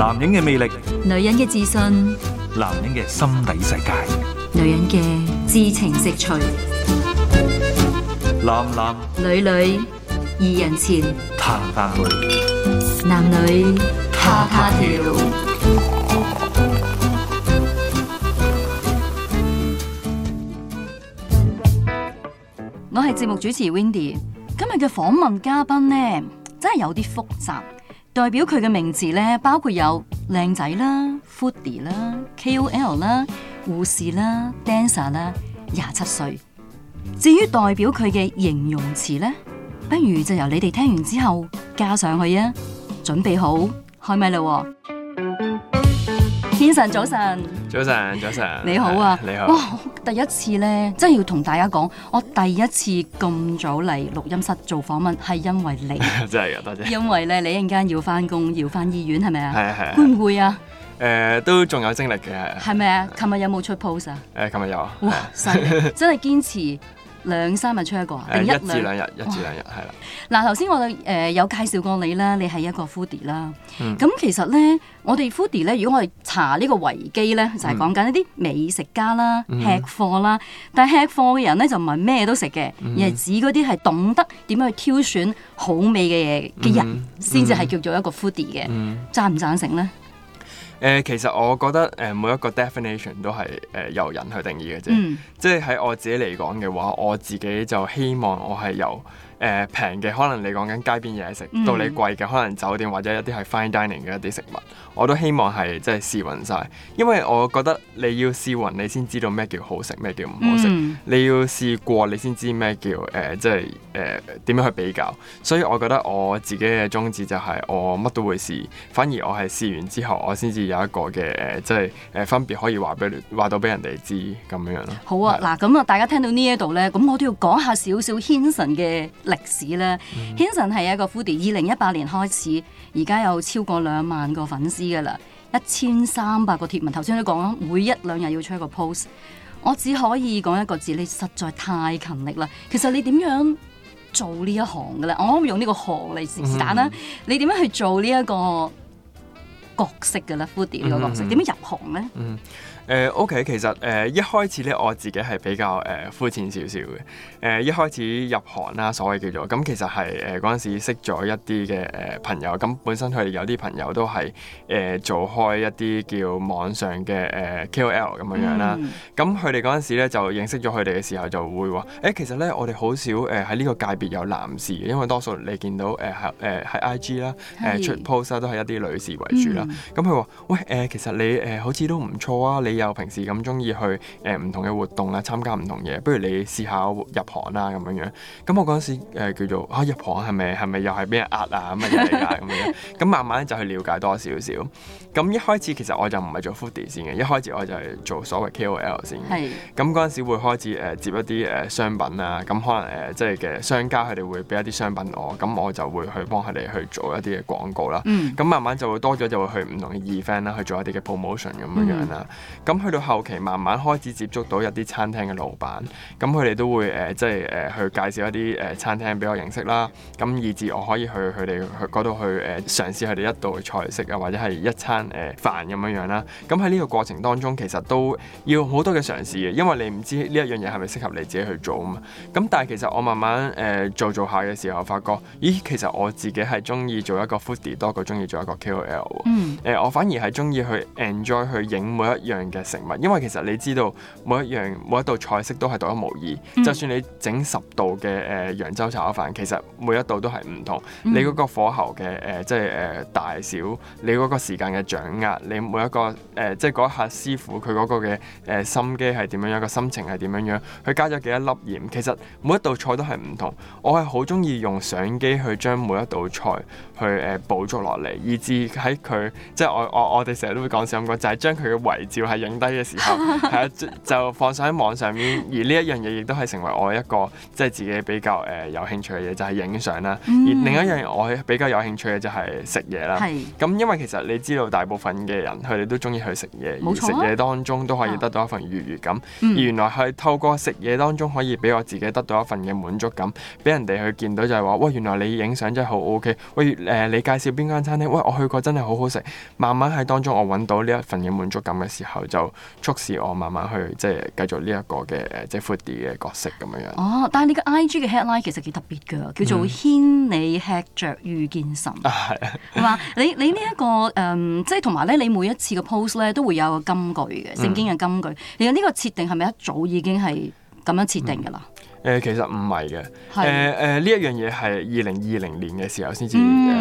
男人嘅魅力，女人嘅自信，男人嘅心底世界，女人嘅至情食趣，男男女女二人前談談去，彈彈彈彈男女他她調。我係節目主持 Windy，今日嘅訪問嘉賓呢，真係有啲複雜。代表佢嘅名字咧，包括有靚仔啦、Foodie 啦、KOL 啦、護士啦、Dancer 啦，廿七歲。至於代表佢嘅形容詞咧，不如就由你哋聽完之後加上去啊！準備好開咪啦，天神早晨。早晨，早晨，你好啊，你好。哇，第一次咧，真係要同大家講，我第一次咁早嚟錄音室做訪問，係因為你。 真係噶，多謝。因為咧，你一陣間要翻工，要翻醫院，係咪啊？係啊係。會唔會啊？誒、呃，都仲有精力嘅。係咪啊？琴日有冇出 post 啊？誒、呃，琴日有啊。哇，犀利， 真係堅持。 兩三日出一個定一,兩,一至兩日，一至兩日係哇啦。嗱，頭先我哋誒有介紹過你啦，你係一個 foodie 啦。咁、嗯、其實咧，我哋 foodie 咧，如果我哋查個呢個維基咧，就係、是、講緊一啲美食家啦、嗯、吃貨啦。但係吃貨嘅人咧，就唔係咩都食嘅，嗯、而係指嗰啲係懂得點樣去挑選好味嘅嘢嘅人，先至係叫做一個 foodie 嘅。嗯、贊唔贊成咧？誒、呃、其實我覺得誒、呃、每一個 definition 都係誒、呃、由人去定義嘅啫，即係喺我自己嚟講嘅話，我自己就希望我係由，誒，平嘅可能你講緊街邊嘢食，嗯、到你貴嘅可能酒店或者一啲係 fine dining 嘅一啲食物，我都希望係即係試勻晒。因為我覺得你要試勻你先知道咩叫好食，咩叫唔好食，嗯、你要試過你先知咩叫誒即係誒點樣去比較，所以我覺得我自己嘅宗旨就係我乜都會試，反而我係試完之後我先至有一個嘅即係誒分別可以話俾話到俾人哋知咁樣樣咯。好啊，嗱咁啊，大家聽到呢一度咧，咁我都要講一下少少 Hinson 嘅。歷史咧，Hanson 係一個 f o o d i e 二零一八年開始，而家有超過兩萬個粉絲嘅啦，一千三百個貼文。頭先都講每一兩日要出一個 post，我只可以講一個字，你實在太勤力啦。其實你點樣做呢一行嘅啦？我可以用呢個行嚟是是但啦，mm hmm. 你點樣去做呢一個角色嘅啦、mm hmm. f o o d i e 呢個角色點樣入行咧？Mm hmm. 誒、呃、OK，其實誒、呃、一開始咧，我自己係比較誒膚、呃、淺少少嘅。誒、呃、一開始入行啦，所謂叫做咁，其實係誒嗰陣時識咗一啲嘅誒朋友。咁、嗯、本身佢哋有啲朋友都係誒、呃、做開一啲叫網上嘅誒 KOL 咁樣啦。咁佢哋嗰陣時咧就認識咗佢哋嘅時候，就會話：誒、呃、其實咧，我哋好少誒喺呢個界別有男士嘅，因為多數你見到誒喺、呃呃呃呃呃、IG 啦、啊、誒、啊啊啊啊嗯嗯啊啊、出 post 啦，都係一啲女士為主啦。咁佢話：喂誒，其實你誒好似都唔錯啊，你有平時咁中意去誒唔同嘅活動咧，參加唔同嘢。不如你試下入行啦咁樣樣。咁我嗰陣時、呃、叫做啊入行係咪係咪又係咩壓啊乜嘢㗎咁樣？咁慢慢就去了解多少少。咁一開始其實我就唔係做 foodie 先嘅，一開始我就係做所謂 KOL 先。係。咁嗰陣時會開始誒接一啲誒商品啦。咁可能誒、呃、即係嘅商家佢哋會俾一啲商品我，咁我就會去幫佢哋去做一啲嘅廣告啦。咁、嗯、慢慢就會多咗就會去唔同嘅 event 啦，去做一啲嘅 promotion 咁樣樣啦。嗯咁去到後期，慢慢開始接觸到一啲餐廳嘅老闆，咁佢哋都會誒、呃、即係誒、呃、去介紹一啲誒、呃、餐廳俾我認識啦。咁以至我可以去佢哋去嗰度去誒嘗試佢哋一道菜式啊，或者係一餐誒飯咁樣樣、啊、啦。咁喺呢個過程當中，其實都要好多嘅嘗試嘅，因為你唔知呢一樣嘢係咪適合你自己去做啊嘛。咁、嗯、但係其實我慢慢誒、呃、做做下嘅時候，發覺咦，其實我自己係中意做一個 foodie 多過中意做一個 KOL 喎、喔。嗯。誒，我反而係中意去 enjoy 去影每一樣。嘅食物，因為其實你知道每一樣每一道菜式都係獨一無二。嗯、就算你整十道嘅誒揚州炒飯，其實每一道都係唔同。嗯、你嗰個火候嘅誒、呃，即係誒、呃、大小，你嗰個時間嘅掌握，你每一個誒、呃，即係嗰一刻師傅佢嗰個嘅誒、呃、心機係點樣樣，個心情係點樣樣，佢加咗幾多粒鹽。其實每一道菜都係唔同。我係好中意用相機去將每一道菜去誒捕捉落嚟，以至喺佢即係我我我哋成日都會講笑咁講，就係將佢嘅遺照係影低嘅時候，係啊 就，就放晒喺網上面。而呢一樣嘢亦都係成為我一個即係自己比較誒有興趣嘅嘢，就係影相啦。嗯、而另一樣嘢我比較有興趣嘅就係食嘢啦。咁是因為其實你知道大部分嘅人佢哋都中意去食嘢，啊、而食嘢當中都可以得到一份愉悅感。嗯、原來係透過食嘢當中可以俾我自己得到一份嘅滿足感，俾人哋去見到就係話：喂，原來你影相真係好 O K。喂，誒、呃，你介紹邊間餐廳？餵，我去過真係好好食。慢慢喺當中，我揾到呢一份嘅滿足感嘅時候，就促使我慢慢去即係繼續呢一個嘅即係 foodie 嘅角色咁樣樣。哦，但係你嘅 IG 嘅 headline 其實幾特別㗎，叫做牽你吃着遇見神。係嘛、嗯？你你呢、這、一個誒、嗯，即係同埋咧，你每一次嘅 post 咧都會有個金句嘅聖經嘅金句。而呢、嗯、個設定係咪一早已經係咁樣設定㗎啦？嗯誒、呃、其實唔係嘅，誒誒呢一樣嘢係二零二零年嘅時候先至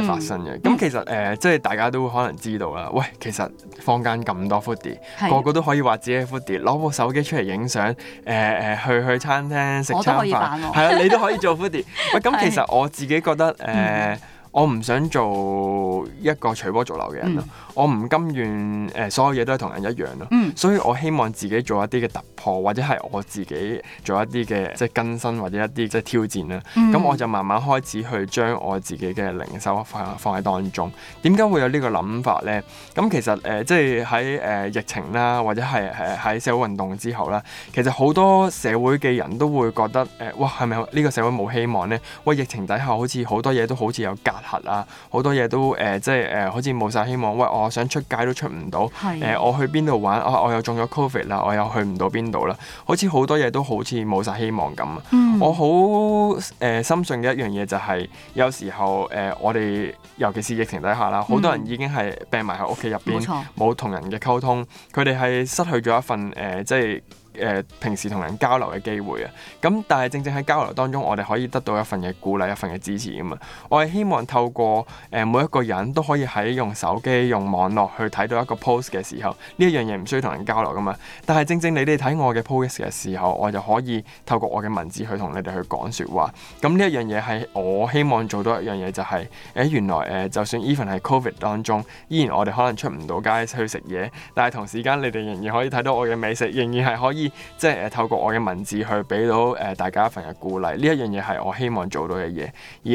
發生嘅。咁、嗯、其實誒、呃，即係大家都可能知道啦。喂，其實坊間咁多 foodie，是個個都可以話自己係 foodie，攞部手機出嚟影相，誒、呃、誒去去餐廳食餐飯，係啊，你都可以做 foodie。 喂，咁其實我自己覺得誒是、嗯呃，我唔想做一個隨波逐流嘅人咯。嗯我唔甘願誒、呃，所有嘢都係同人一樣咯，嗯、所以我希望自己做一啲嘅突破，或者係我自己做一啲嘅即係更新，或者一啲即係挑戰啦。咁、嗯、我就慢慢開始去將我自己嘅靈修放放喺當中。點解會有呢個諗法呢？咁其實誒、呃，即係喺誒疫情啦，或者係喺、呃、社會運動之後啦，其實好多社會嘅人都會覺得誒、呃，哇，係咪呢個社會冇希望呢？」「哇，疫情底下好似好多嘢都好似有隔閡啊，好多嘢都誒、呃，即係誒、呃，好似冇晒希望。喂、呃，我、呃呃我想出街都出唔到，誒的、呃，我去邊度玩，我、啊、我又中咗 COVID 啦，我又去唔到邊度啦，好似好多嘢都好似冇晒希望咁。嗯、我好誒、呃、深信嘅一樣嘢就係、是，有時候誒、呃、我哋，尤其是疫情底下啦，好多人已經係病埋喺屋企入邊，冇同、嗯、人嘅溝通，佢哋係失去咗一份誒、呃，即係。誒平時同人交流嘅機會啊，咁但係正正喺交流當中，我哋可以得到一份嘅鼓勵，一份嘅支持㗎嘛。我係希望透過誒、呃、每一個人都可以喺用手機、用網絡去睇到一個 post 嘅時候，呢一樣嘢唔需要同人交流㗎嘛。但係正正你哋睇我嘅 post 嘅時候，我就可以透過我嘅文字去同你哋去講説話。咁呢一樣嘢係我希望做到一樣嘢，就係、是、誒、呃、原來誒、呃、就算 even 係 COVID 當中，依然我哋可能出唔到街去食嘢，但係同時間你哋仍然可以睇到我嘅美食，仍然係可以。即係誒，透過我嘅文字去俾到誒、呃、大家一份嘅鼓勵，呢一樣嘢係我希望做到嘅嘢。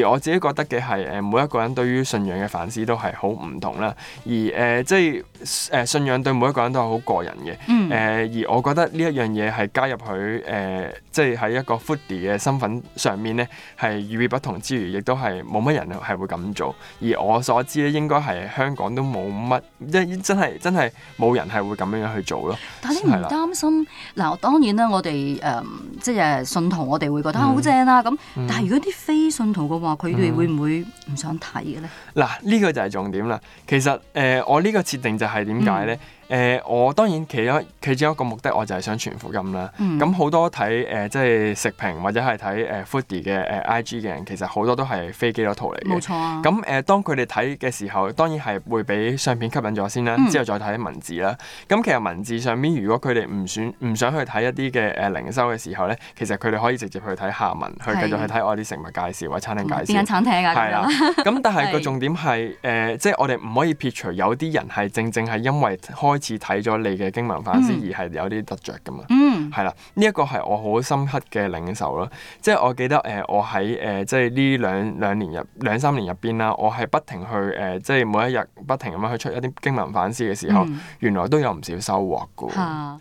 而我自己覺得嘅係誒，每一個人對於信仰嘅反思都係好唔同啦。而誒、呃，即係誒，信仰對每一個人都係好個人嘅。誒、嗯、呃，而我覺得呢一樣嘢係加入佢誒、呃，即係喺一個 foodie 嘅身份上面咧，係與別不同之餘，亦都係冇乜人係會咁做。而我所知咧，應該係香港都冇乜，真真係真係冇人係會咁樣樣去做咯。但係你唔擔心？嗱，當然啦，我哋誒、嗯、即係信徒，我哋會覺得好正啦、啊、咁。嗯、但係如果啲非信徒嘅話，佢哋會唔會唔想睇嘅咧？嗱、嗯，呢、呢個就係重點啦。其實誒、呃，我呢個設定就係點解咧？嗯誒、呃，我當然其中其中一個目的，我就係想傳福音啦。咁好、嗯、多睇誒、呃，即係食評或者係睇誒 Foodie 嘅誒、呃、IG 嘅人，其實好多都係非基督徒嚟嘅。咁誒、啊呃，當佢哋睇嘅時候，當然係會俾相片吸引咗先啦，嗯、之後再睇文字啦。咁其實文字上面，如果佢哋唔選唔想去睇一啲嘅誒靈修嘅時候咧，其實佢哋可以直接去睇下文，去的繼續去睇我啲食物介紹或者餐廳介紹。邊啦、嗯。咁、啊、是的 但係個重點係誒、呃，即係我哋唔可以撇除有啲人係正正係因為開開始睇咗你嘅經文反思，嗯、而係有啲得着噶嘛？係啦、嗯，呢一個係我好深刻嘅領受咯。即係我記得，誒、呃，我喺誒、呃，即係呢兩兩年入兩三年入邊啦，我係不停去誒、呃，即係每一日不停咁樣去出一啲經文反思嘅時候，嗯、原來都有唔少收穫噶、啊。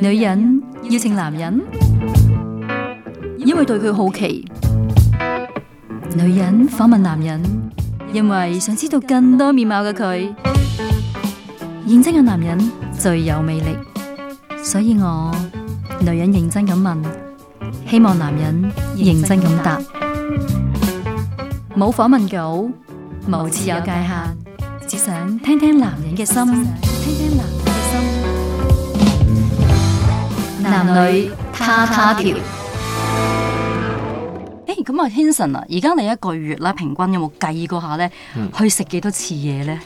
女人邀請男人，因為對佢好奇；女人訪問男人，因為想知道更多面貌嘅佢。認真嘅男人最有魅力，所以我女人認真咁問，希望男人認真咁答。冇訪問稿，冇設有界限，只想聽聽男人嘅心，聽聽男人嘅心。嗯、男女他她調。誒、欸，咁啊，Hinson 啊，而家你一個月啦，平均有冇計過下咧？嗯、去食幾多次嘢咧？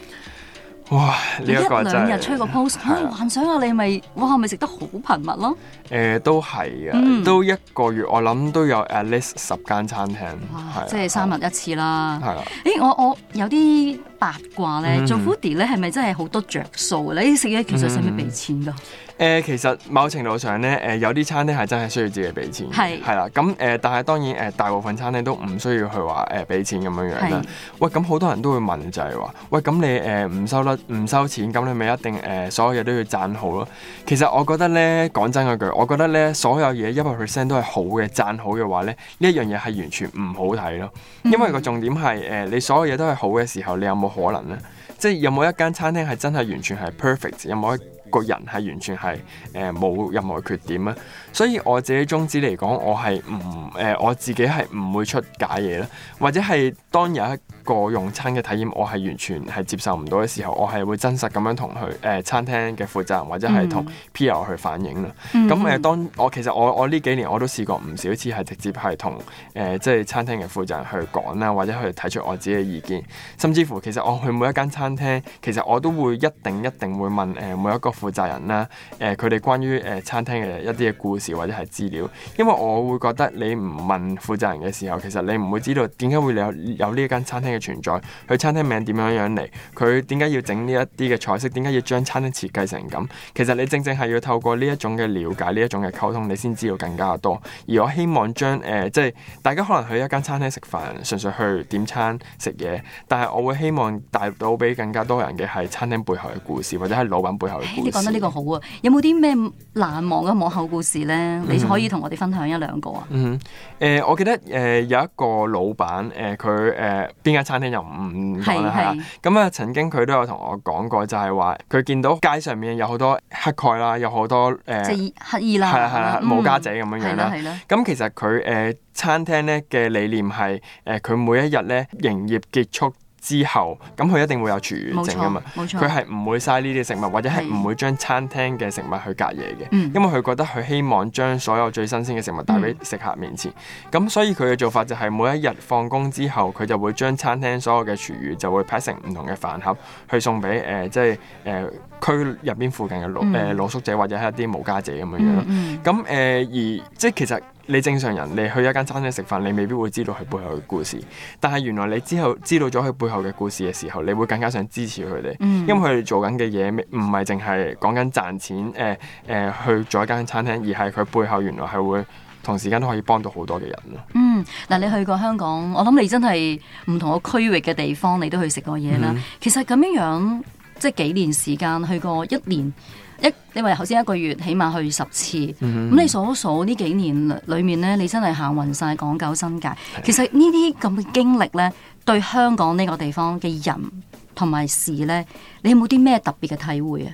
哇！這個、你一兩日吹個 post，我是、啊、幻想下、啊、你咪哇咪食得好頻密咯。誒、呃，都係啊，嗯、都一個月我諗都有 at least 十間餐廳，啊啊、即係三日一次啦。係啊、嗯，誒、欸、我我有啲八卦咧，嗯、做 foodie 咧係咪真係好多着數？嗯、你食嘢其實使唔使俾錢㗎？嗯誒、呃、其實某程度上咧，誒、呃、有啲餐廳係真係需要自己俾錢，係係是啦。咁、呃、誒，但係當然誒、呃，大部分餐廳都唔需要去話誒俾錢咁樣樣啦。是喂，咁好多人都會問就係、是、話，喂，咁你誒唔、呃、收得唔收錢，咁你咪一定誒、呃、所有嘢都要讚好咯？其實我覺得咧，講真句，我覺得咧，所有嘢一百 percent 都係好嘅讚好嘅話咧，呢一樣嘢係完全唔好睇咯。因為個重點係誒、嗯呃，你所有嘢都係好嘅時候，你有冇可能咧？即係有冇一間餐廳係真係完全係 perfect？有冇？個人係完全係誒，冇、呃、任何缺點啊！所以我自己宗旨嚟講，我係唔誒我自己係唔會出假嘢啦，或者係當有一個用餐嘅體驗，我係完全係接受唔到嘅時候，我係會真實咁樣同佢誒餐廳嘅負責人，或者係同 P.R. 去反映啦。咁誒、嗯呃、當我其實我我呢幾年我都試過唔少次係直接係同誒即係餐廳嘅負責人去講啦，或者去提出我自己嘅意見，甚至乎其實我去每一間餐廳其實我都會一定一定會問誒每一個負責人啦，誒佢哋關於誒、呃、餐廳嘅一啲嘅故事。或者係資料，因為我會覺得你唔問負責人嘅時候，其實你唔會知道點解會有有呢間餐廳嘅存在，佢餐廳名點樣樣嚟，佢點解要整呢一啲嘅菜式，點解要將餐廳設計成咁。其實你正正係要透過呢一種嘅了解，呢一種嘅溝通，你先知道更加多。而我希望將誒、呃、即係大家可能去一間餐廳食飯，純粹去點餐食嘢，但係我會希望帶到俾更加多人嘅係餐廳背後嘅故事，或者係老闆背後嘅故事。哎、你講得呢個好啊！有冇啲咩難忘嘅幕後故事？嗯、你可以同我哋分享一兩個啊。嗯，誒、呃，我記得誒、呃、有一個老闆誒，佢誒邊間餐廳又唔講啦咁啊，曾經佢都有同我講過就，就係話佢見到街上面有好多乞丐、呃、啦，有好多誒乞兒啦，係啦係啦，冇家姐咁、嗯、樣樣啦。咁、嗯、其實佢誒、呃、餐廳咧嘅理念係誒佢每一日咧營業結束。之後，咁佢一定會有廚餘剩噶嘛，佢係唔會嘥呢啲食物，或者係唔會將餐廳嘅食物去隔夜嘅，嗯、因為佢覺得佢希望將所有最新鮮嘅食物帶俾食客面前，咁、嗯、所以佢嘅做法就係每一日放工之後，佢就會將餐廳所有嘅廚餘就會擺成唔同嘅飯盒去送俾誒、呃，即係誒。呃佢入邊附近嘅老誒露宿、嗯呃、者，或者係一啲無家者咁樣、嗯、樣咁誒而，即係其實你正常人你去一間餐廳食飯，你未必會知道佢背後嘅故事。但係原來你之後知道咗佢背後嘅故事嘅時候，你會更加想支持佢哋，因為佢哋做緊嘅嘢唔係淨係講緊賺錢誒誒、呃呃、去做一間餐廳，而係佢背後原來係會同時間都可以幫到好多嘅人咯。嗯，嗱，你去過香港，我諗你真係唔同個區域嘅地方，你都去食過嘢啦。嗯、其實咁樣樣。即係幾年時間去過一年一，你話頭先一個月起碼去十次，咁、mm hmm. 你數一數呢幾年裏面咧，你真係行運晒，港九新界。其實呢啲咁嘅經歷咧，對香港呢個地方嘅人同埋事咧，你有冇啲咩特別嘅體會啊？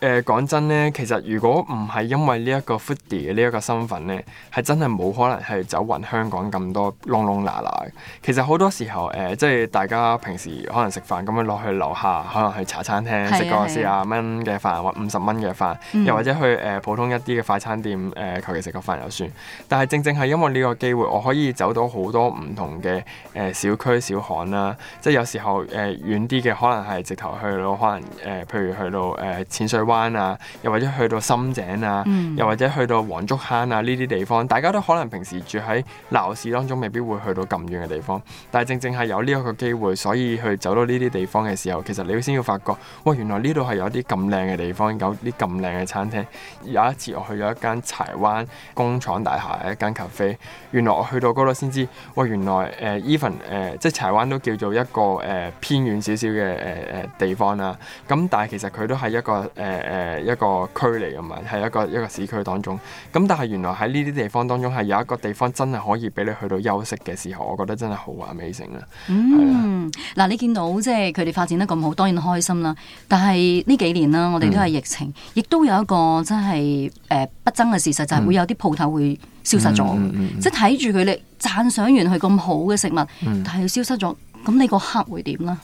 誒講、呃、真咧，其實如果唔係因為呢一個 foodie 嘅呢一個身份咧，係真係冇可能係走勻香港咁多窿窿罅罅。其實好多時候誒，即、呃、係、就是、大家平時可能食飯咁樣落去樓下，可能去茶餐廳食個四啊蚊嘅飯或五十蚊嘅飯，或飯嗯、又或者去誒、呃、普通一啲嘅快餐店誒求其食個飯就算。但係正正係因為呢個機會，我可以走到好多唔同嘅誒、呃、小區小巷啦。即係有時候誒、呃、遠啲嘅，可能係直頭去到可能誒，譬如去到誒淺、呃、水灣啊，又或者去到深井啊，嗯、又或者去到黃竹坑啊，呢啲地方，大家都可能平時住喺鬧市當中，未必會去到咁遠嘅地方。但係正正係有呢一個機會，所以去走到呢啲地方嘅時候，其實你先要發覺，喂，原來呢度係有啲咁靚嘅地方，有啲咁靚嘅餐廳。有一次我去咗一間柴灣工廠大廈嘅一間咖啡，原來我去到嗰度先知，喂，原來誒 even 誒，即係柴灣都叫做一個誒、呃、偏遠少少嘅誒誒地方啦、啊。咁但係其實佢都係一個誒。呃誒、呃，一個區嚟噶嘛，係一個一個市區當中。咁但係原來喺呢啲地方當中，係有一個地方真係可以俾你去到休息嘅時候，我覺得真係好華美盛啦。嗱，你見到即係佢哋發展得咁好，當然開心啦。但係呢幾年啦，我哋都係疫情，亦、嗯、都有一個真係誒、呃、不爭嘅事實，就係、是、會有啲鋪頭會消失咗。嗯嗯嗯、即係睇住佢哋讚賞完佢咁好嘅食物，嗯、但係消失咗，咁你個刻會點啦？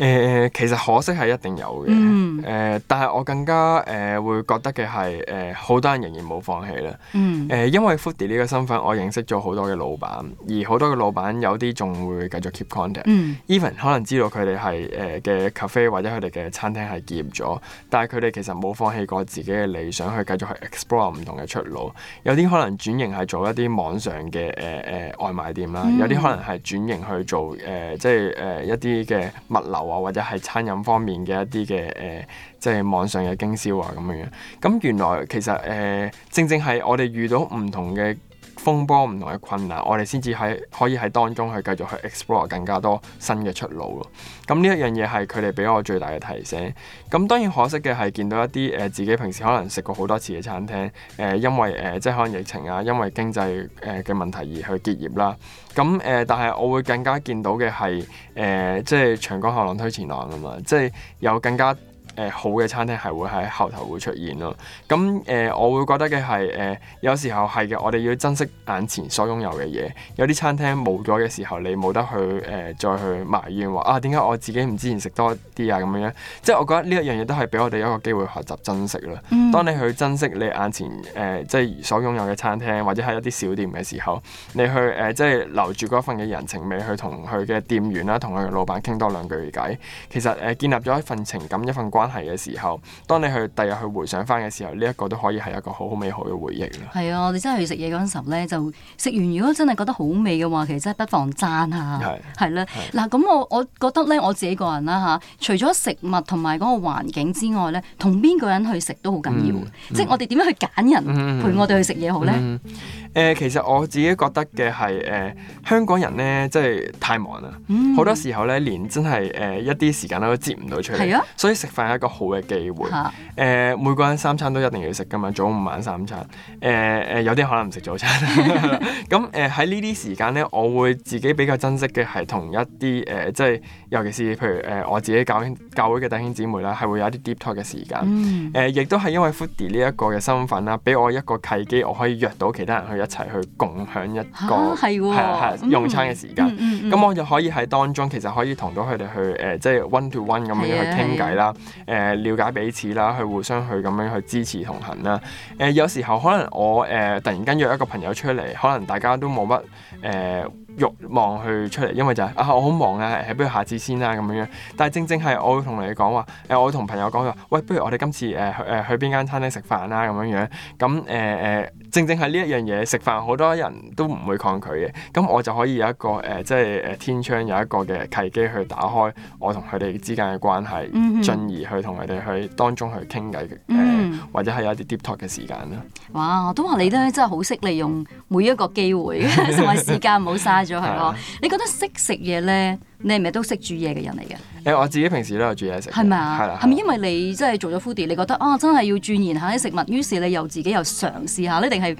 誒其實可惜係一定有嘅，誒、嗯、但係我更加誒會覺得嘅係誒好多人仍然冇放棄啦，誒、嗯、因為 foodie 呢個身份，我認識咗好多嘅老闆，而好多嘅老闆有啲仲會繼續 keep contact，even、嗯、可能知道佢哋係誒嘅 cafe 或者佢哋嘅餐廳係結業咗，但係佢哋其實冇放棄過自己嘅理想，去繼續去 explore 唔同嘅出路。有啲可能轉型係做一啲網上嘅誒誒外賣店啦，有啲可能係轉型去做誒、呃、即係誒、呃、一啲嘅物流。或者係餐飲方面嘅一啲嘅誒，即、呃、係、就是、網上嘅經銷啊咁樣樣。咁原來其實誒、呃，正正係我哋遇到唔同嘅。風波唔同嘅困難，我哋先至喺可以喺當中去繼續去 explore 更加多新嘅出路咯。咁呢一樣嘢係佢哋俾我最大嘅提醒。咁當然可惜嘅係見到一啲誒、呃、自己平時可能食過好多次嘅餐廳誒、呃，因為誒、呃、即係可能疫情啊，因為經濟誒嘅問題而去結業啦。咁誒、呃，但係我會更加見到嘅係誒，即係長江後浪推前浪啊嘛，即係有更加。誒、呃、好嘅餐廳係會喺後頭會出現咯，咁誒、呃、我會覺得嘅係誒有時候係嘅，我哋要珍惜眼前所擁有嘅嘢。有啲餐廳冇咗嘅時候，你冇得去誒、呃、再去埋怨話啊，點解我自己唔之前食多啲啊咁樣，即、就、係、是、我覺得呢一樣嘢都係俾我哋一個機會學習珍惜啦。嗯、當你去珍惜你眼前誒、呃、即係所擁有嘅餐廳或者係一啲小店嘅時候，你去誒、呃、即係留住嗰份嘅人情味去同佢嘅店員啦，同佢嘅老闆傾多兩句偈，其實誒、呃、建立咗一份情感，一份關關係嘅時候，當你去第日去回想翻嘅時候，呢、這個、一個都可以係一個好好美好嘅回憶啦。係啊，我哋真係去食嘢嗰陣時候呢，就食完如果真係覺得好味嘅話，其實真係不妨讚下係是啦。嗱是，咁我我覺得呢，我自己個人啦吓、啊，除咗食物同埋嗰個環境之外呢，同邊個人去食都好緊要。嗯嗯、即係我哋點樣去揀人陪我哋去食嘢好呢？嗯嗯嗯誒、呃，其實我自己覺得嘅係誒，香港人咧，即係太忙啦。好、嗯、多時候咧，連真係誒、呃、一啲時間都接唔到出嚟。啊、所以食飯係一個好嘅機會。嚇哈、呃。每個人三餐都一定要食噶嘛，早午晚三餐。誒、呃、誒，有啲可能唔食早餐。咁誒喺呢啲時間咧，我會自己比較珍惜嘅係同一啲誒、呃，即係尤其是譬如誒、呃、我自己教興教會嘅弟兄姊妹啦，係會有一啲 deep talk 嘅時間。嗯、呃。亦都係因為 foodie 呢一個嘅身份啦，俾我一個契機，我可以約到其他人去。一齊去共享一個係啊，係啊的、嗯、用餐嘅時間，咁、嗯、我就可以喺當中、嗯、其實可以同到佢哋去誒、呃，即係 one to one 咁樣去傾偈啦，誒天的、呃、了解彼此啦，去互相去咁樣去支持同行啦。誒、呃、有時候可能我誒、呃、突然間約一個朋友出嚟，可能大家都冇乜誒。呃欲望去出嚟，因為就係、是、啊，我好忙啊，誒，不如下次先啦咁樣。但係正正係我會同你講話，誒、啊，我同朋友講話，喂，不如我哋今次誒去邊間餐廳食飯啦咁樣樣。咁誒誒，正正係呢一樣嘢食飯，好多人都唔會抗拒嘅。咁、啊、我就可以有一個誒、啊，即係誒天窗有一個嘅契機去打開我同佢哋之間嘅關係，mm hmm. 進而去同佢哋去當中去傾偈、mm hmm. 啊，或者係有一啲 deep talk 嘅時間啦。哇，都話你都真係好識利用每一個機會，同埋時間唔好嘥。咗係咯，啊嗯、你覺得識食嘢咧，你係咪都識煮嘢嘅人嚟嘅？誒、欸，我自己平時都有煮嘢食，係咪啊？係啦、嗯，係咪因為你即係做咗 foodie，你覺得啊，真係要鑽研下啲食物，於是你又自己又嘗試下咧，定係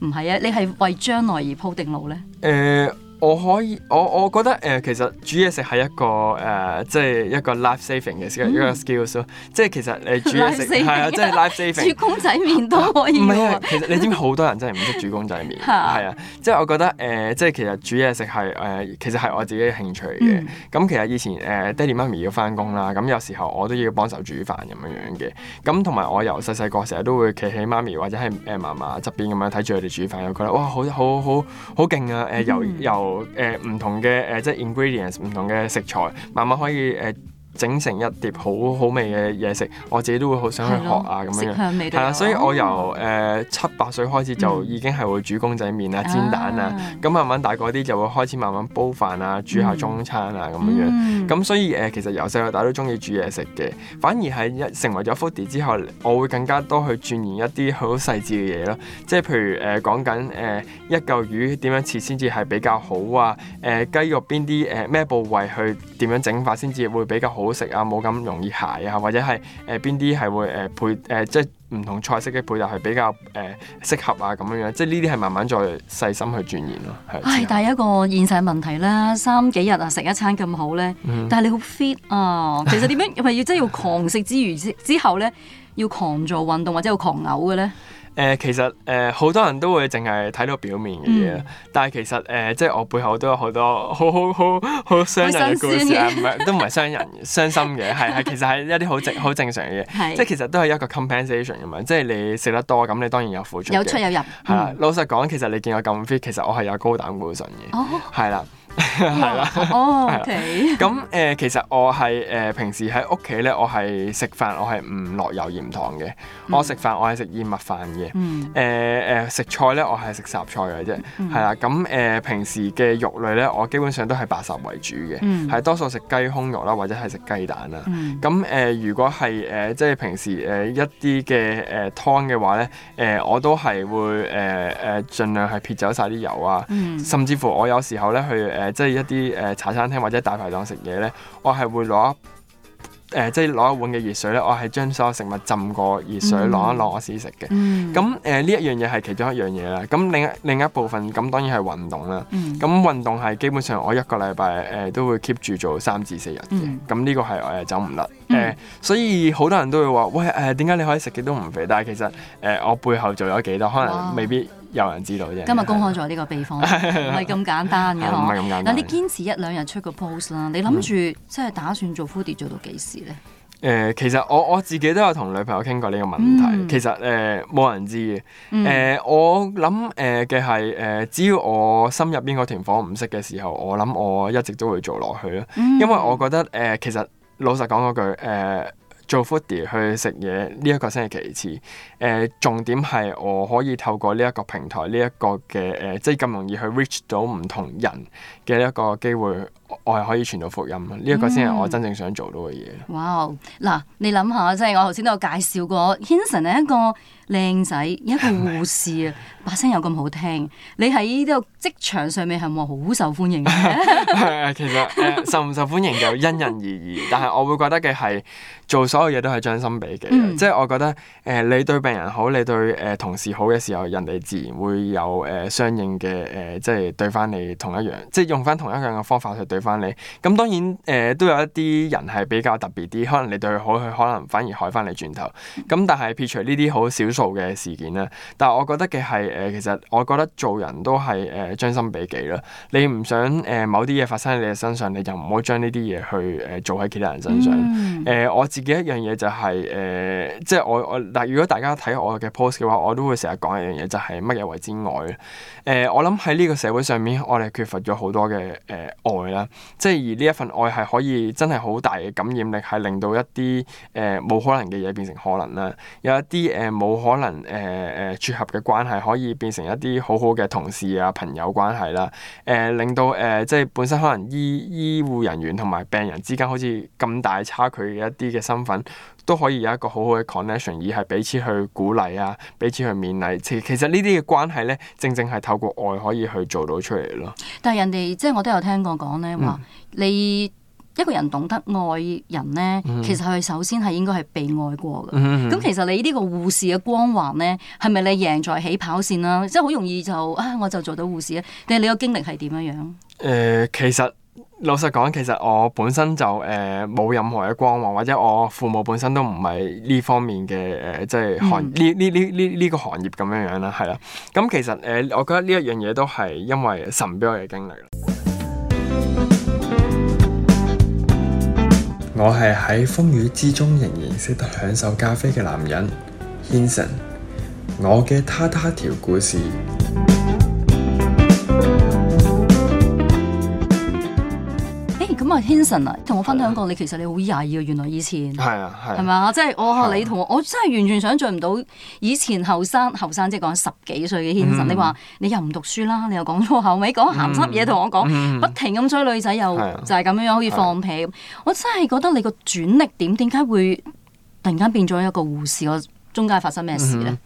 唔係啊？你係為將來而鋪定路咧？誒、呃。我可以，我我覺得誒、呃，其實煮嘢食係一個誒、呃，即係一個 life saving 嘅、嗯、一個 skills 咯。即係其實你煮嘢食係啊，即係 life saving。對 煮公仔麵都可以。唔係啊，啊、 其實你知唔知好多人真係唔識煮公仔麵？係啊，是啊、即係我覺得誒、呃，即係其實煮嘢食係誒，其實係我自己嘅興趣嘅。咁其實以前誒，爹哋媽咪要翻工啦，咁有時候我都要幫手煮飯咁樣樣嘅。咁同埋我由細細個成日都會企喺媽咪或者係誒媽媽側邊咁樣睇住佢哋煮飯，又覺得哇好好好好勁啊！誒由由誒唔、呃、同嘅誒、呃、即係 ingredients 唔同嘅食材，慢慢可以誒。呃整成一碟好好味嘅嘢食，我自己都會好想去學啊咁的樣，係啦，所以我由誒、嗯呃、七八歲開始就已經係會煮公仔麵、嗯、啊、煎蛋啊，咁慢慢大個啲就會開始慢慢煲飯啊、煮下中餐啊咁、嗯、樣。咁、嗯、所以誒、呃、其實由細到大都中意煮嘢食嘅。反而係一成為咗 foodie 之後我會更加多去鑽研一啲好細緻嘅嘢咯。即係譬如誒講緊誒一嚿魚點樣切先至係比較好啊？誒、呃、雞肉邊啲誒咩部位去點樣整法先至會比較好？好食啊，冇咁容易蟹啊，或者係誒邊啲係會誒、呃、配誒、呃、即係唔同菜式嘅配搭係比較誒適、呃、合啊咁樣樣，即係呢啲係慢慢再細心去鑽研咯。係，但係一個現實問題咧，三幾日啊食一餐咁好咧，嗯、但係你好 fit 啊，其實點樣係要真係要狂食之餘之後咧， 要狂做運動或者要狂嘔嘅咧？誒、呃、其實誒好、呃、多人都會淨係睇到表面嘅嘢，嗯、但係其實誒、呃、即係我背後都有好多好好好好傷人嘅故事，唔係都唔係傷人 傷心嘅，係係其實係一啲好正好 正常嘅嘢，是即係其實都係一個 compensation 咁樣，即、就、係、是、你食得多咁，你當然有付出，有出有入。係、嗯、啦，老實講，其實你見我咁 fit，其實我係有高膽固醇嘅，係、oh. 啦。係啦 o 咁、誒，其實我係誒、呃、平時喺屋企咧，我係食飯，我係唔落油鹽糖嘅。Mm. 我食飯，我係食燕麥飯嘅。誒誒、mm. 呃呃，食菜咧，我係食雜菜嘅啫。係啦、mm.，咁、呃、誒平時嘅肉類咧，我基本上都係白肉為主嘅，係、mm. 多數食雞胸肉啦，或者係食雞蛋啦。咁誒、mm. 呃，如果係誒、呃、即係平時誒、呃、一啲嘅誒湯嘅話咧，誒、呃、我都係會誒誒、呃、盡量係撇走晒啲油啊，mm. 甚至乎我有時候咧去誒。呃呃誒，即係一啲誒茶餐廳或者大排檔食嘢咧，我係會攞誒、呃，即係攞一碗嘅熱水咧，我係將所有食物浸過熱水攞一攞我先食嘅。咁誒呢一樣嘢係其中一樣嘢啦。咁另一另一部分咁當然係運動啦。咁、um、運動係基本上我一個禮拜誒都會 keep 住做三至四日嘅。咁呢、um、個係誒走唔甩誒。所以好多人都會話：喂誒，點解你可以食極都唔肥？但係其實誒、呃、我背後做咗幾多，可能未必，有人知道啫！今日公開咗呢個秘方，唔係咁簡單嘅嗬。唔係咁簡單。嗱，你堅持一兩日出個 post 啦，你諗住即係打算做 foodie 做到幾時咧？誒、嗯呃，其實我我自己都有同女朋友傾過呢個問題。嗯、其實誒，冇、呃、人知嘅。誒、嗯呃，我諗誒嘅係誒，只要我心入邊團火唔熄嘅時候，我諗我一直都會做落去咯。嗯、因為我覺得誒、呃，其實老實講嗰句誒。呃呃做 foodie 去食嘢呢一個先係其次，誒、呃、重點係我可以透過呢一個平台呢一、這個嘅誒、呃，即係咁容易去 reach 到唔同人嘅一個機會，我係可以傳到福音，呢、這、一個先係我真正想做到嘅嘢、嗯。哇！嗱，你諗下，即係我頭先都有介紹過，Hinson 係一個。靚仔，一個護士啊， 把聲又咁好聽，你喺呢個職場上面係唔係好受歡迎嘅？ 其實、呃、受唔受歡迎就因人而異，但係我會覺得嘅係做所有嘢都係將心比己，即係、嗯、我覺得誒、呃，你對病人好，你對誒、呃、同事好嘅時候，人哋自然會有誒、呃、相應嘅誒、呃，即係對翻你同一樣，即係用翻同一樣嘅方法去對翻你。咁當然誒、呃，都有一啲人係比較特別啲，可能你對佢好，佢可能反而害翻你轉頭。咁、嗯、但係撇除呢啲好少、少。嘅事件啦，但係我覺得嘅係誒，其實我覺得做人都係誒將心比己啦。你唔想誒、呃、某啲嘢發生喺你嘅身上，你就唔好將呢啲嘢去誒、呃、做喺其他人身上。誒、嗯呃，我自己一樣嘢就係、是、誒、呃，即係我我，但如果大家睇我嘅 post 嘅話，我都會成日講一樣嘢，就係乜嘢為之愛。誒、呃，我諗喺呢個社會上面，我哋缺乏咗好多嘅誒、呃、愛啦。即係而呢一份愛係可以真係好大嘅感染力，係令到一啲誒冇可能嘅嘢變成可能啦。有一啲誒冇。呃可能誒誒撮合嘅關係可以變成一啲好好嘅同事啊、朋友關係啦，誒、呃、令到誒、呃、即係本身可能醫醫護人員同埋病人之間好似咁大差距嘅一啲嘅身份，都可以有一個好好嘅 connection，而係彼此去鼓勵啊，彼此去勉勵。其其實呢啲嘅關係咧，正正係透過愛可以去做到出嚟咯。但係人哋即係我都有聽過講咧話你。嗯一個人懂得愛人呢，嗯、其實佢首先係應該係被愛過嘅。咁、嗯、其實你呢個護士嘅光環呢，係咪你贏在起跑線啦、啊？即係好容易就啊，我就做到護士咧。定係你個經歷係點樣？誒、呃，其實老實講，其實我本身就誒冇、呃、任何嘅光環，或者我父母本身都唔係呢方面嘅誒、呃，即係行呢呢呢呢呢個行業咁樣樣啦，係啦。咁、嗯嗯嗯、其實誒、呃，我覺得呢一樣嘢都係因為神俾我嘅經歷。我係喺風雨之中仍然識得享受咖啡嘅男人，Hinson。我嘅他他調故事。阿 Hinson 啊，同我分享過，你其實你好曳啊。原來以前係啊係，係咪啊？啊即係我、啊啊、你同我，我真係完全想象唔到以前後生後生，即係講十幾歲嘅 Hinson。你話你又唔讀書啦，你又講粗口，尾講鹹濕嘢，同我講，嗯、不停咁追女仔，又就係咁樣，啊、好似放屁、啊啊、我真係覺得你個轉捩點，點解會突然間變咗一個護士，我中間發生咩事咧？誒、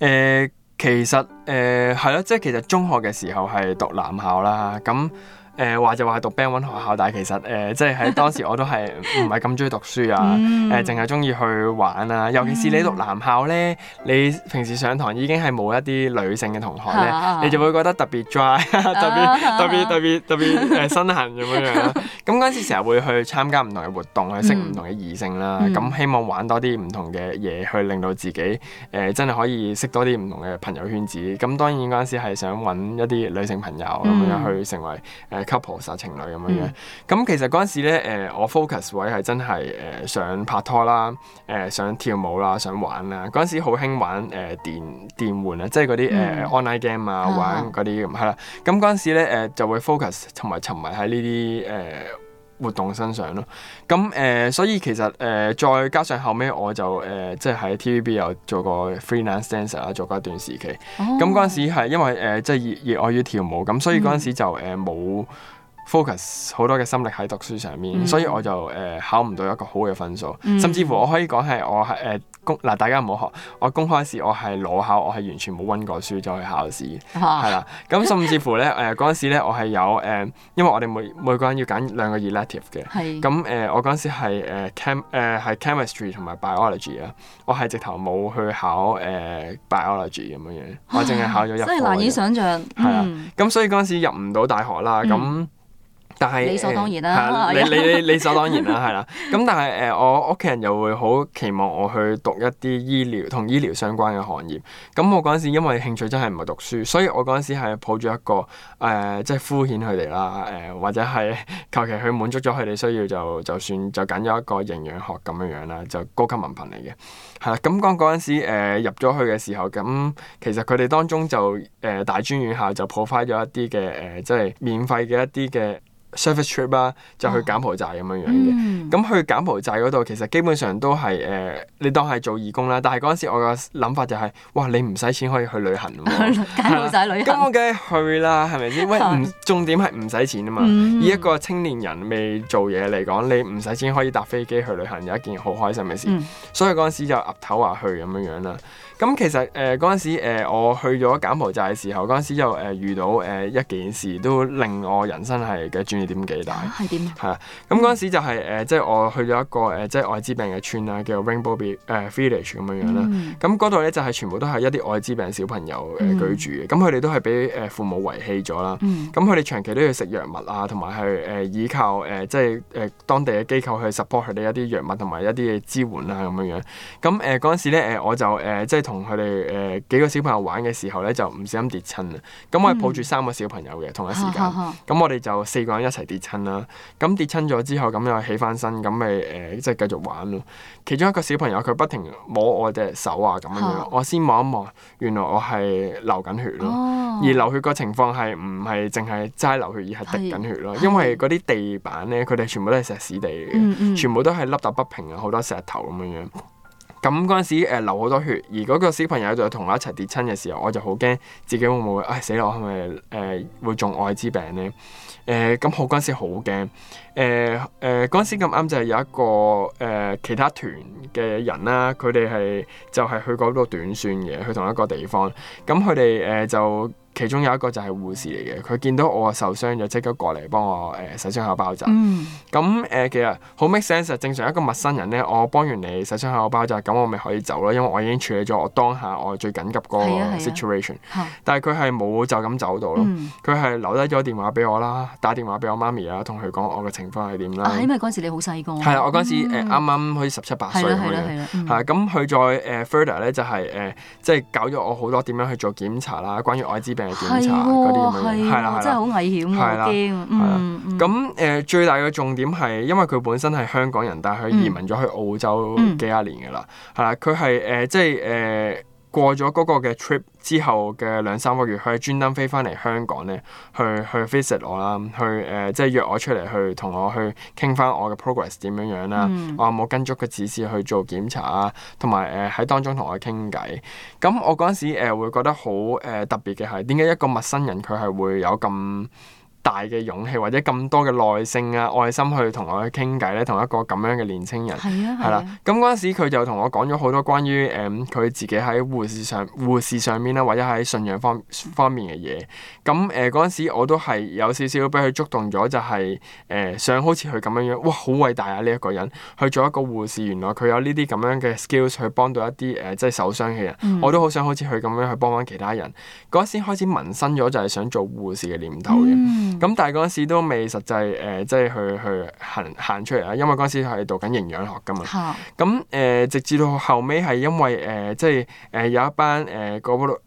嗯呃，其實誒係咯，即、呃、係其，其實中學嘅時候係讀男校啦，咁。嗯嗯嗯誒話就話係讀 Band 1學校，但係其實誒、呃、即係喺當時我都係唔係咁中意讀書啊！誒、 嗯，淨係中意去玩啊！尤其是你讀男校咧，嗯、你平時上堂已經係冇一啲女性嘅同學咧，啊、你就會覺得特別 dry，啊啊、特別特別特別特別誒身痕咁樣啦。咁嗰陣時成日會去參加唔同嘅活動去識唔同嘅異性啦，咁、嗯啊嗯、希望玩多啲唔同嘅嘢去令到自己誒、呃、真係可以識多啲唔同嘅朋友圈子。咁當然嗰陣時係想揾一啲女性朋友咁樣去成為誒 couple 殺情侶咁樣嘅，咁、嗯、其實嗰陣時咧，誒我 focus 位係真係誒想拍拖啦，誒想跳舞啦，想玩啦。嗰陣時好興玩誒電電玩啊，即係嗰啲誒 online game 啊，的玩嗰啲咁係啦。咁嗰陣時咧，誒就會 focus 同埋沉迷喺呢啲誒。呃活動身上咯，咁誒、呃，所以其實誒、呃，再加上後尾，我就誒、呃，即係喺 TVB 有做過 freelance dancer 啦，做過一段時期。咁嗰陣時係因為誒、呃，即係熱熱愛於跳舞，咁所以嗰陣時就誒冇，Mm. 呃 focus 好多嘅心力喺讀書上面，嗯、所以我就誒、呃、考唔到一個好嘅分數，嗯、甚至乎我可以講係我誒、呃、公嗱、呃、大家唔好學，我公開試我係裸考，我係完全冇溫過書再去考試，係啦。咁、嗯、甚至乎咧誒嗰陣時咧，我係有誒，因為我哋每每個人要揀兩個 elective 嘅，咁誒是的、嗯呃、我嗰陣時係、呃、chem 誒、呃、係 chemistry 同埋 bi、呃、biology 的的啊，我係直頭冇去考誒 biology 咁樣嘢，我淨係考咗一科，真係難以想象。係、嗯、啦，咁所以嗰陣時入唔到大學啦，咁。但係理所當然啦，理理理所當然啦，係啦。 咁但係誒、呃，我屋企人又會好期望我去讀一啲醫療同醫療相關嘅行業。咁我嗰陣時因為興趣真係唔係讀書，所以我嗰陣時係抱住一個誒、呃，即係敷衍佢哋啦。誒、呃、或者係求其去滿足咗佢哋需要就就算就揀咗一個營養學咁樣樣啦，就高級文憑嚟嘅。係啦，咁講嗰陣時入咗去嘅時候，咁、呃嗯、其實佢哋當中就誒、呃、大專院校就破壞咗一啲嘅誒，即係免費嘅一啲嘅。service trip 啦、啊，就去柬埔寨咁樣樣嘅。咁、嗯、去柬埔寨嗰度，其實基本上都係誒、呃，你當係做義工啦。但係嗰陣時我嘅諗法就係、是，哇，你唔使錢可以去旅行、啊。柬埔寨旅行。咁我梗係去啦，係咪先？因為，唔重點係唔使錢啊嘛。嗯、以一個青年人未做嘢嚟講，你唔使錢可以搭飛機去旅行，有一件好開心嘅事。嗯、所以嗰陣時就岌頭話去咁樣樣啦。咁其實誒嗰陣時誒我去咗柬埔寨嘅時候，嗰陣時又誒遇到誒一件事，都令我人生係嘅轉折點幾大。嚇係點啊？咁嗰陣時就係誒，即係我去咗一個誒，即係愛滋病嘅村啦，叫 Rainbow Village 咁樣樣啦。咁嗰度咧就係全部都係一啲愛滋病小朋友誒居住嘅。咁佢哋都係俾誒父母遺棄咗啦。咁佢哋長期都要食藥物啊，同埋係誒依靠誒即係誒當地嘅機構去 support 佢哋一啲藥物同埋一啲嘅支援啦咁樣樣。咁誒嗰陣時咧誒我就誒即係。同佢哋誒幾個小朋友玩嘅時候咧，就唔小心跌親啊！咁我係抱住三個小朋友嘅、嗯、同一時間，咁呵我哋就四個人一齊跌親啦。咁跌親咗之後，咁又起翻身，咁咪誒即係繼續玩咯。其中一個小朋友佢不停摸我隻手啊，咁樣，呵我先望一望，原來我係流緊血咯。哦、而流血個情況係唔係淨係齋流血，而血，而係滴緊血咯。因為嗰啲地板咧，佢哋全部都係石屎地嘅，嗯嗯，全部都係凹凸不平啊，好多石頭咁樣。咁嗰陣時，誒流好多血，而嗰個小朋友就同我一齊跌親嘅時候，我就好驚自己會唔會，唉、哎、死咯，係咪誒會中愛滋病呢？誒、呃、咁好嗰陣時、呃呃、時好驚，誒誒嗰陣時咁啱就係有一個誒、呃、其他團嘅人啦，佢哋係就係、係、去嗰度短線嘅，去同一個地方，咁佢哋誒就。其中有一個就係護士嚟嘅，佢見到我受傷就即刻過嚟幫我誒洗傷口、包紮。咁誒其實好 make sense，正常一個陌生人咧，我幫完你洗傷口包紮，咁我咪可以走咯，因為我已經處理咗我當下我最緊急個 situation。但係佢係冇就咁走到咯，佢係留低咗電話俾我啦，打電話俾我媽咪啦，同佢講我嘅情況係點啦。係因為嗰陣時你好細個。係啊，我嗰陣時啱啱好似十七八歲咁樣。咁佢再誒 further 咧就係誒即係搞咗我好多點樣去做檢查啦，關於愛滋病。係喎，係喎，真係好危險啊！驚啊的！咁誒、呃，最大嘅重點係，因為佢本身係香港人，嗯、但係佢移民咗去澳洲幾十年嘅啦，係啦、嗯，佢係誒，即係誒。呃過咗嗰個嘅 trip 之後嘅兩三個月，佢係專登飛翻嚟香港咧，去去 visit 我啦，去誒、呃、即係約我出嚟去同我去傾翻我嘅 progress 點樣樣啦，嗯、我有冇跟足佢指示去做檢查啊，同埋誒喺當中同我傾偈。咁我嗰陣時誒、呃、會覺得好誒、呃、特別嘅係，點解一個陌生人佢係會有咁大嘅勇氣或者咁多嘅耐性啊、愛心去同我去傾偈咧，同一個咁樣嘅年青人係啊，係啦、啊。咁嗰陣時佢就同我講咗好多關於誒佢自己喺護士上護士上面啦、啊，或者喺信仰方方面嘅嘢。咁誒嗰陣時我都係有少少俾佢觸動咗，就係、是、誒、呃、想好似佢咁樣樣，哇好偉大啊！呢、這、一個人去做一個護士，原來佢有呢啲咁樣嘅 skills 去幫到一啲誒、呃、即係受傷嘅人。嗯、我都好想好似佢咁樣去幫返其他人。嗰時開始萌生咗就係、是、想做護士嘅念頭嘅。嗯咁、嗯、但係嗰陣時都未實際誒、呃，即係去去行行出嚟啊！因為嗰陣時係讀緊營養學㗎嘛。咁誒的、嗯，直至到後尾係因為誒、呃，即係誒、呃、有一班誒嗰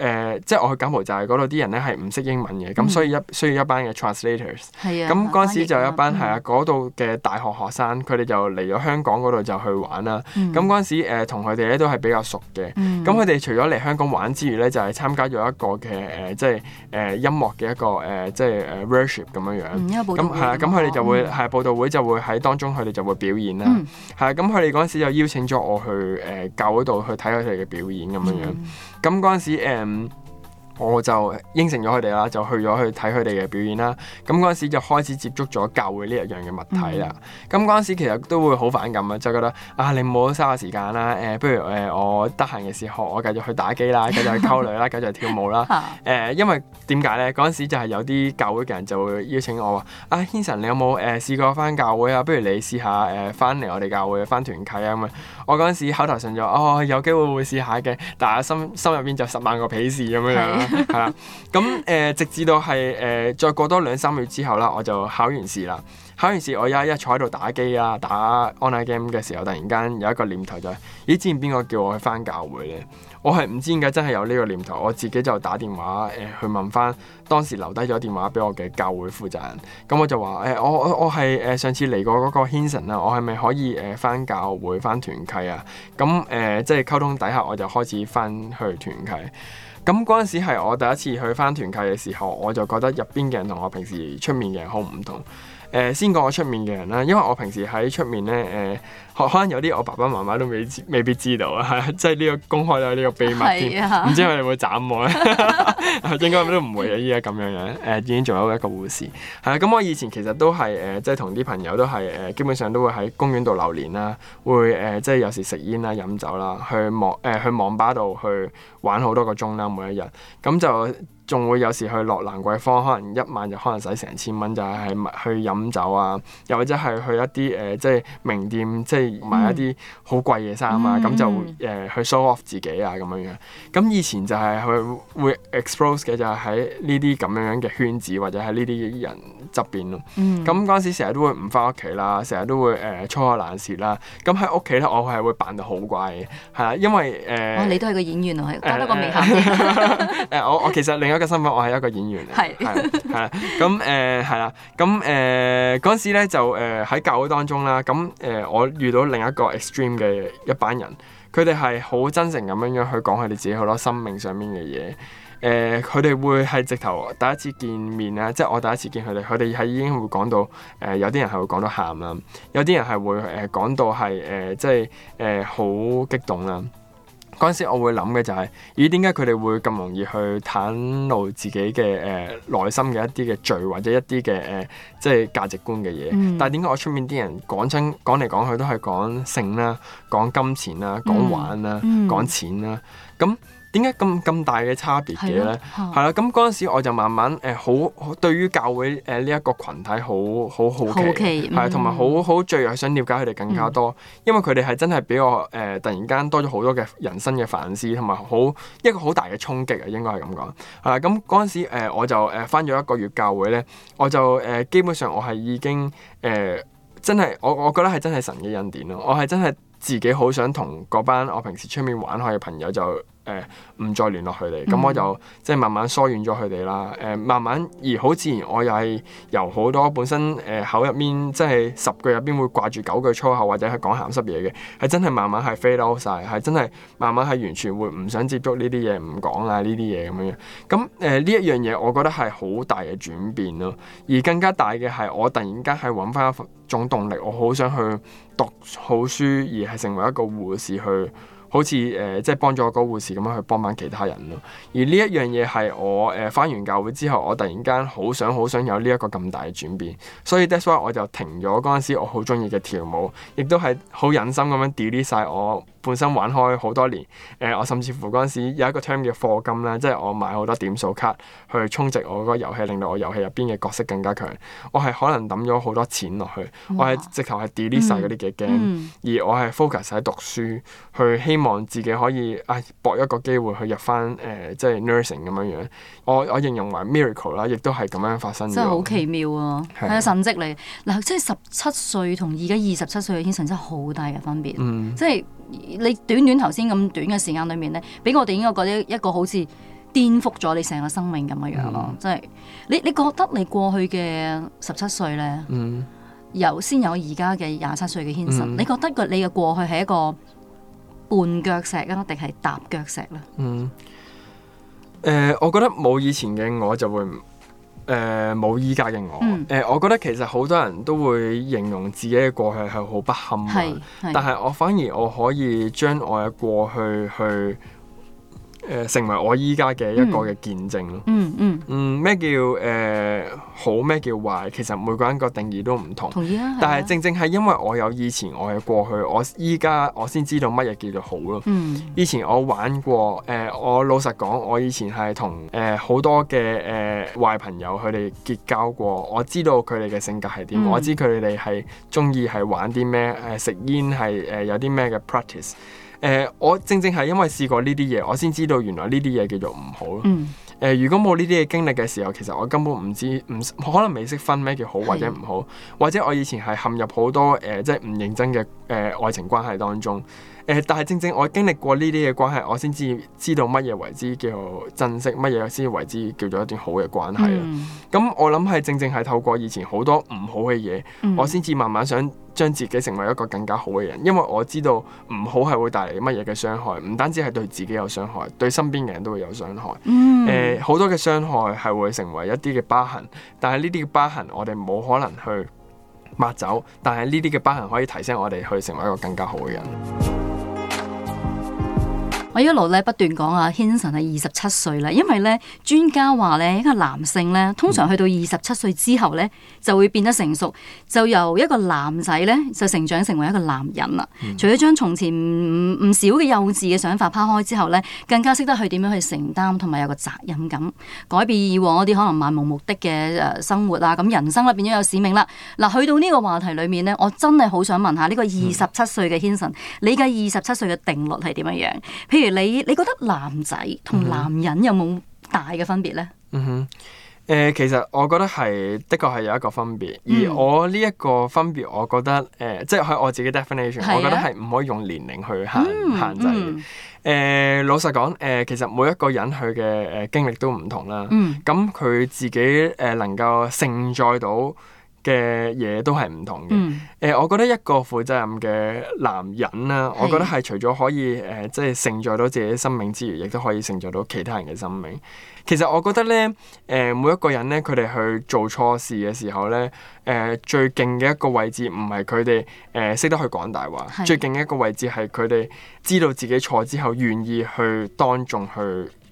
即係我去柬埔寨嗰度啲人咧係唔識英文嘅，咁、嗯、所以一需要一班嘅 translators 的。係咁嗰陣時就有一班係啊，嗰度嘅大學學生，佢哋、嗯、就嚟咗香港嗰度就去玩啦、啊。咁嗰陣時同佢哋咧都係比較熟嘅。咁佢哋除咗嚟香港玩之餘咧，就係、是、參加咗一個嘅誒，即係誒音樂嘅一個誒，即係誒。嗯嗯咁樣樣，咁係啊，咁佢哋就會係、嗯、報道會就會喺當中，佢哋就會表演啦。係啊、嗯，咁佢哋嗰陣時就邀請咗我去誒、呃、教會度去睇佢哋嘅表演咁樣樣。咁嗰陣時、嗯我就應承咗佢哋啦，就去咗去睇佢哋嘅表演啦。咁嗰陣時就開始接觸咗教會呢一樣嘅物體啦。咁嗰陣時其實都會好反感啊，就覺得啊，你唔好嘥我時間啦。誒、呃，不如誒、呃、我得閒嘅時候我繼續去打機啦，繼續去溝女啦， 繼續去跳舞啦。誒、呃，因為點解咧？嗰陣時就係有啲教會嘅人就會邀請我話：啊，軒神，你有冇誒、呃、試過返教會啊？不如你試下誒返嚟我哋教會返團契啊嘛。我嗰陣時口頭上就，哦，有機會會,會試下嘅，但係心心入邊就十萬個鄙視咁樣樣啦。 係啦，咁誒、 呃，直至到係誒，再過多兩三月之後啦，我就考完試啦。考完試我一一坐喺度打機啊，打 online game 嘅時候，突然間有一個念頭就係、是，咦？之前邊個叫我去翻教會咧？我係唔知點解真係有呢個念頭，我自己就打電話誒、呃、去問翻當時留低咗電話俾我嘅教會負責人。咁、嗯、我就話誒、呃，我我係誒、呃、上次嚟過嗰個 Hinson 啊，我係咪可以誒翻、呃、教會翻團契啊？咁、嗯、誒、呃、即係溝通底下，我就開始翻去團契。咁嗰陣時係我第一次去翻團契嘅時候，我就覺得入邊嘅人同我平時出面嘅人好唔同。誒、呃，先講我出面嘅人啦，因為我平時喺出面咧，誒、呃。可能有啲我爸爸媽媽都未未必知道啊，即係呢個公開啦，呢、呢個秘密，唔知佢哋會斬我咧， 應該都唔會啊依家咁樣嘅，誒已經仲有一個護士，係啦，咁我以前其實都係誒、呃，即係同啲朋友都係誒、呃，基本上都會喺公園度流連啦，會誒、呃、即係有時食煙啦、飲酒啦，去網誒、呃、去網吧度去玩好多個鐘啦，每一日，咁就。仲會有時去落蘭桂坊，可能一晚就可能使成千蚊，就係去飲酒啊，又或者係去一啲誒、呃，即係名店，即係買一啲好貴嘅衫啊，咁、嗯、就誒、呃、去 show off 自己啊咁樣樣。咁以前就係佢會 expose 嘅，就係喺呢啲咁樣樣嘅圈子，或者喺呢啲人側邊咯。咁嗰陣時成日都會唔翻屋企啦，成日都會誒粗口爛舌啦。咁喺屋企咧，我係會扮到好乖，係啊，因為誒、呃哦，你都係個演員啊，係打多個名角。誒，我我其實另一嘅身份，96, 我係一個演員嚟，係係啦，咁誒係啦，咁誒嗰陣時咧就誒喺教會當中啦，咁誒我遇到另一個 extreme 嘅一班人，佢哋係好真誠咁樣樣去講佢哋自己好多生命上面嘅嘢，誒佢哋會係直頭第一次見面啦，即係我第一次見佢哋，佢哋係已經、um, 會講到誒、um, s Venice 有啲人係會講到喊啦，有啲人係會誒講到係誒即係誒好激動啦。Uh. UH, 嗰陣時我會諗嘅就係咦點解佢哋會咁容易去袒露自己嘅誒、呃、內心嘅一啲嘅罪或者一啲嘅誒即係價值觀嘅嘢？嗯、但係點解我出面啲人講親講嚟講去都係講性啦、講金錢啦、講玩啦、講、嗯嗯、錢啦？咁。點解咁咁大嘅差別嘅咧？係啦嗎，咁嗰陣時我就慢慢誒、呃，好，好對於教會誒呢一個群體好好好奇，係同埋好好奇最的、嗯、想了解佢哋更加多，嗯、因為佢哋係真係俾我誒、呃、突然間多咗好多嘅人生嘅反思，同埋好一個好大嘅衝擊啊。應該係咁講係啦。咁嗰陣時誒、呃，我就誒翻咗一個月教會咧，我就誒、呃、基本上我係已經誒、呃、真係我我覺得係真係神嘅恩典咯。我係真係自己好想同嗰班我平時出面玩開嘅朋友就誒唔、呃、再聯絡佢哋，咁、嗯、我就即係慢慢疏遠咗佢哋啦。誒、呃、慢慢而好自然，我又係由好多本身誒、呃、口入面，即係十句入邊會掛住九句粗口或者係講鹹濕嘢嘅，係真係慢慢係 fade out 曬，係真係慢慢係完全會唔想接觸呢啲嘢，唔講啊呢啲嘢咁樣。咁誒呢一樣嘢，我覺得係好大嘅轉變咯。而更加大嘅係，我突然間係揾翻一種動力，我好想去讀好書，而係成為一個護士去。好似誒、呃、即係幫咗個護士咁樣去幫返其他人咯，而呢一樣嘢係我誒返、呃、完教會之後，我突然間好想好想有呢一個咁大嘅轉變，所以 that's why 我就停咗嗰陣時我好中意嘅跳舞，亦都係好忍心咁樣 delete 晒我。本身玩開好多年，誒、呃，我甚至乎嗰陣時有一個 term 嘅課金咧，即係我買好多點數卡去充值我個遊戲，令到我遊戲入邊嘅角色更加強。我係可能抌咗好多錢落去，啊、我係直頭係 delete 曬嗰啲嘅 game，而我係 focus 曬讀書，去希望自己可以啊搏、哎、一個機會去入翻誒、呃，即係 nursing 咁樣樣。我我形容為 miracle 啦，亦都係咁樣發生。真係好奇妙啊！係啊的，神蹟嚟嗱，即係十七歲同而家二十七歲，顯然真係好大嘅分別。嗯、即係。你短短頭先咁短嘅時間裏面咧，俾我哋應該覺得一個好似顛覆咗你成個生命咁嘅樣咯，即係、嗯就是、你你覺得你過去嘅十七歲咧，嗯、由先有而家嘅廿七歲嘅 Hinson，嗯、你覺得你嘅過去係一個絆腳石啊，定係踏腳石咧、啊？嗯，誒、呃，我覺得冇以前嘅我就會。誒冇依家嘅我，誒、嗯呃、我覺得其實好多人都會形容自己嘅過去係好不堪、啊，但係我反而我可以將我嘅過去去。誒成為我依家嘅一個嘅見證咯、嗯。嗯嗯嗯，咩、嗯、叫誒、呃、好？咩叫壞？其實每個人個定義都唔同。同意、啊、但係正正係因為我有以前，我嘅過去，我依家我先知道乜嘢叫做好咯。嗯、以前我玩過誒、呃，我老實講，我以前係同誒好多嘅誒、呃、壞朋友，佢哋結交過。我知道佢哋嘅性格係點，嗯、我知佢哋係中意係玩啲咩，誒、呃、食煙係誒有啲咩嘅 practice。誒、呃，我正正係因為試過呢啲嘢，我先知道原來呢啲嘢叫做唔好咯。誒、嗯呃，如果冇呢啲嘢經歷嘅時候，其實我根本唔知，唔可能未識分咩叫好或者唔好，是或者我以前係陷入好多誒，即係唔認真嘅誒、呃、愛情關係當中。誒，但係正正我經歷過呢啲嘅關係，我先至知道乜嘢為之叫珍惜，乜嘢先為之叫做一段好嘅關係啦。咁、嗯、我諗係正正係透過以前好多唔好嘅嘢，嗯、我先至慢慢想將自己成為一個更加好嘅人，因為我知道唔好係會帶嚟乜嘢嘅傷害，唔單止係對自己有傷害，對身邊嘅人都會有傷害。誒、嗯，呃、好多嘅傷害係會成為一啲嘅疤痕，但係呢啲嘅疤痕我哋冇可能去。抹走，但係呢啲嘅疤痕可以提升我哋去成為一個更加好嘅人。我一路咧不斷講啊，Hinson 係二十七歲啦，因為咧專家話咧一個男性咧，通常去到二十七歲之後咧，就會變得成熟，就由一個男仔咧就成長成為一個男人啦。嗯、除咗將從前唔少嘅幼稚嘅想法拋開之後咧，更加識得去點樣去承擔同埋有個責任感，改變以往嗰啲可能漫無目的嘅誒生活啊，咁人生啦變咗有使命啦。嗱、啊，去到呢個話題裏面咧，我真係好想問下呢個二十七歲嘅 Hinson，你嘅二十七歲嘅定律係點樣？譬譬如你，你覺得男仔同男人有冇大嘅分別呢？嗯哼，誒、呃，其實我覺得係的確係有一個分別，嗯、而我呢一個分別，我覺得誒、呃，即係喺我自己 definition，、啊、我覺得係唔可以用年齡去限限制嘅誒、嗯嗯呃，老實講，誒、呃，其實每一個人佢嘅誒經歷都唔同啦。嗯，咁佢自己誒、呃、能夠承載到。嘅嘢都係唔同嘅。誒、嗯呃，我覺得一個負責任嘅男人啦，的我覺得係除咗可以誒，即係承載到自己生命之餘，亦都可以承載到其他人嘅生命。其實我覺得咧，誒、呃、每一個人咧，佢哋去做錯事嘅時候咧，誒、呃、最勁嘅一個位置唔係佢哋誒識得去講大話，的最勁嘅一個位置係佢哋知道自己錯之後願意去當眾去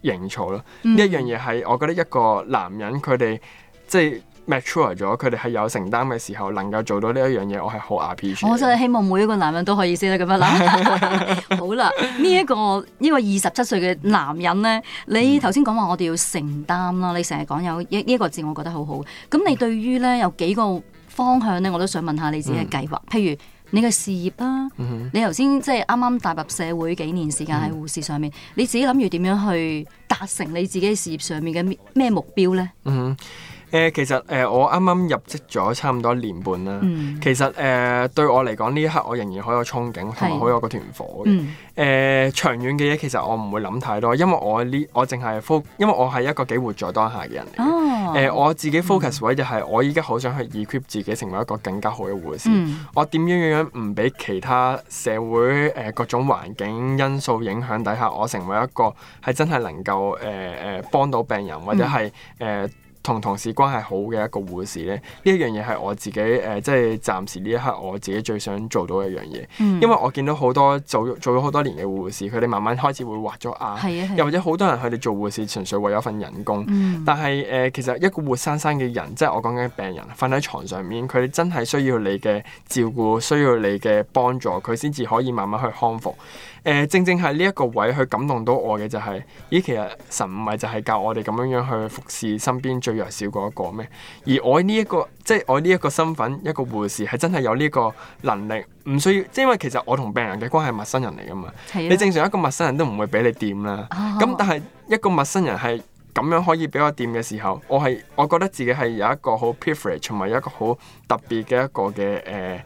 認錯咯。一樣嘢係我覺得一個男人佢哋即係。Mature 咗，佢哋係有承擔嘅時候，能夠做到呢一樣嘢，我係好 appreciate。我真係希望每一個男人都可以先得咁樣啦。 好啦，呢一、 這個呢、呢個二十七歲嘅男人呢，你頭先講話我哋要承擔啦，你成日講有呢一、呢個字，我覺得好好。咁你對於呢有幾個方向呢，我都想問下你自己嘅計劃。嗯、譬如你嘅事業啦、啊，嗯、哼你頭先即係啱啱踏入社會幾年時間喺護士上面，嗯、你自己諗住點樣去達成你自己事業上面嘅咩目標呢？嗯誒、呃，其實誒、呃，我啱啱入職咗差唔多一年半啦。嗯、其實誒、呃，對我嚟講呢一刻，我仍然好有憧憬，同埋好有個團火嘅。誒、嗯呃，長遠嘅嘢其實我唔會諗太多，因為我呢，我淨係 focus，因為我係一個幾活在當下嘅人嚟嘅、哦呃。我自己 focus 位、嗯、就係我依家好想去 equip 自己成為一個更加好嘅護士。嗯、我點樣樣唔俾其他社會誒、呃、各種環境因素影響底下，我成為一個係真係能夠誒誒、呃、幫到病人或者係誒。呃呃同同事關係好嘅一個護士咧，呢一樣嘢係我自己誒、呃，即係暫時呢一刻我自己最想做到一樣嘢，嗯、因為我見到好多做做咗好多年嘅護士，佢哋慢慢開始會畫咗眼，是的是的又或者好多人佢哋做護士純粹為咗份人工，嗯、但係誒、呃、其實一個活生生嘅人，即係我講緊病人瞓喺床上面，佢哋真係需要你嘅照顧，需要你嘅幫助，佢先至可以慢慢去康復。誒、呃，正正係呢一個位，佢感動到我嘅就係，咦，其實神唔係就係教我哋咁樣樣去服侍身邊最弱小嗰一個咩？而我呢、這、一個，即係我呢一個身份，一個護士，係真係有呢個能力，唔需要，即係因為其實我同病人嘅關係係陌生人嚟噶嘛，的你正常一個陌生人都唔會俾你掂啦。咁但係一個陌生人係咁樣可以俾我掂嘅時候，我係我覺得自己係有一個好 privilege 同埋有一個好特別嘅一個嘅誒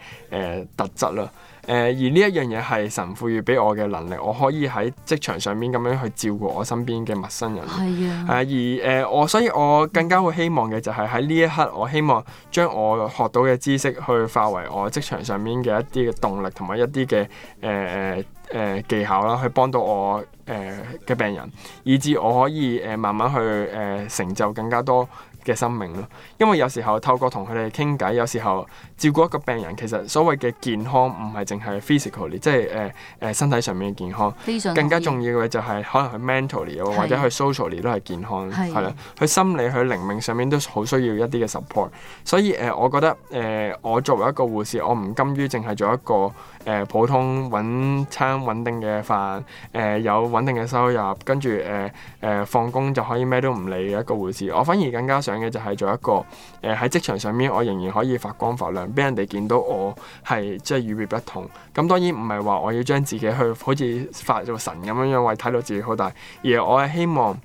誒特質啦。誒，而呢一樣嘢係神賦予俾我嘅能力，我可以喺職場上面咁樣去照顧我身邊嘅陌生人係、啊啊、而誒，我、呃、所以我更加會希望嘅就係喺呢一刻，我希望將我學到嘅知識去化為我職場上面嘅一啲嘅動力，同埋一啲嘅誒誒誒技巧啦，去幫到我誒嘅、呃、病人，以至我可以誒、呃、慢慢去誒、呃、成就更加多。嘅生命咯，因為有時候透過同佢哋傾偈，有時候照顧一個病人，其實所謂嘅健康唔係淨係 physically，即係誒誒身體上面嘅健康，更加重要嘅就係、是、可能佢 mentally 是或者佢 socially 都係健康，係啦是，佢心理佢靈命上面都好需要一啲嘅 support。所以誒、呃，我覺得誒、呃，我作為一個護士，我唔甘於淨係做一個。誒普通揾餐穩定嘅飯，誒、呃、有穩定嘅收入，跟住誒誒放工就可以咩都唔理嘅一個護士。我反而更加想嘅就係做一個誒喺、呃、職場上面，我仍然可以發光發亮，俾人哋見到我係即係與別不同。咁當然唔係話我要將自己去好似發做神咁樣樣，為睇到自己好大，而我係希望。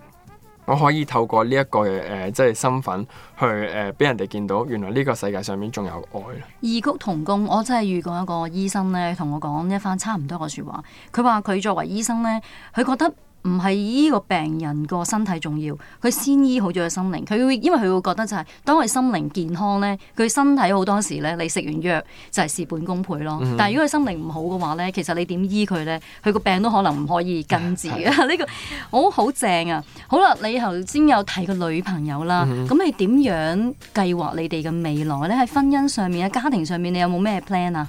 我可以透過呢、這、一個嘅、呃、即係身份去誒，俾、呃、人哋見到原來呢個世界上面仲有愛。異曲同工，我真係遇過一個醫生咧，同我講一番差唔多嘅説話。佢話佢作為醫生咧，佢覺得。唔係依個病人個身體重要，佢先醫好咗個心靈。佢會因為佢會覺得就係、是，當佢心靈健康咧，佢身體好多時咧，你食完藥就係、是、事半功倍咯。嗯、哼但係如果佢心靈唔好嘅話咧，其實你點醫佢咧，佢個病都可能唔可以根治嘅。呢、嗯哼 呢個我好，好正啊！好啦，你頭先有提個女朋友啦，咁、嗯、哼你點樣計劃你哋嘅未來咧？喺婚姻上面啊，家庭上面，你有冇咩 plan 啊？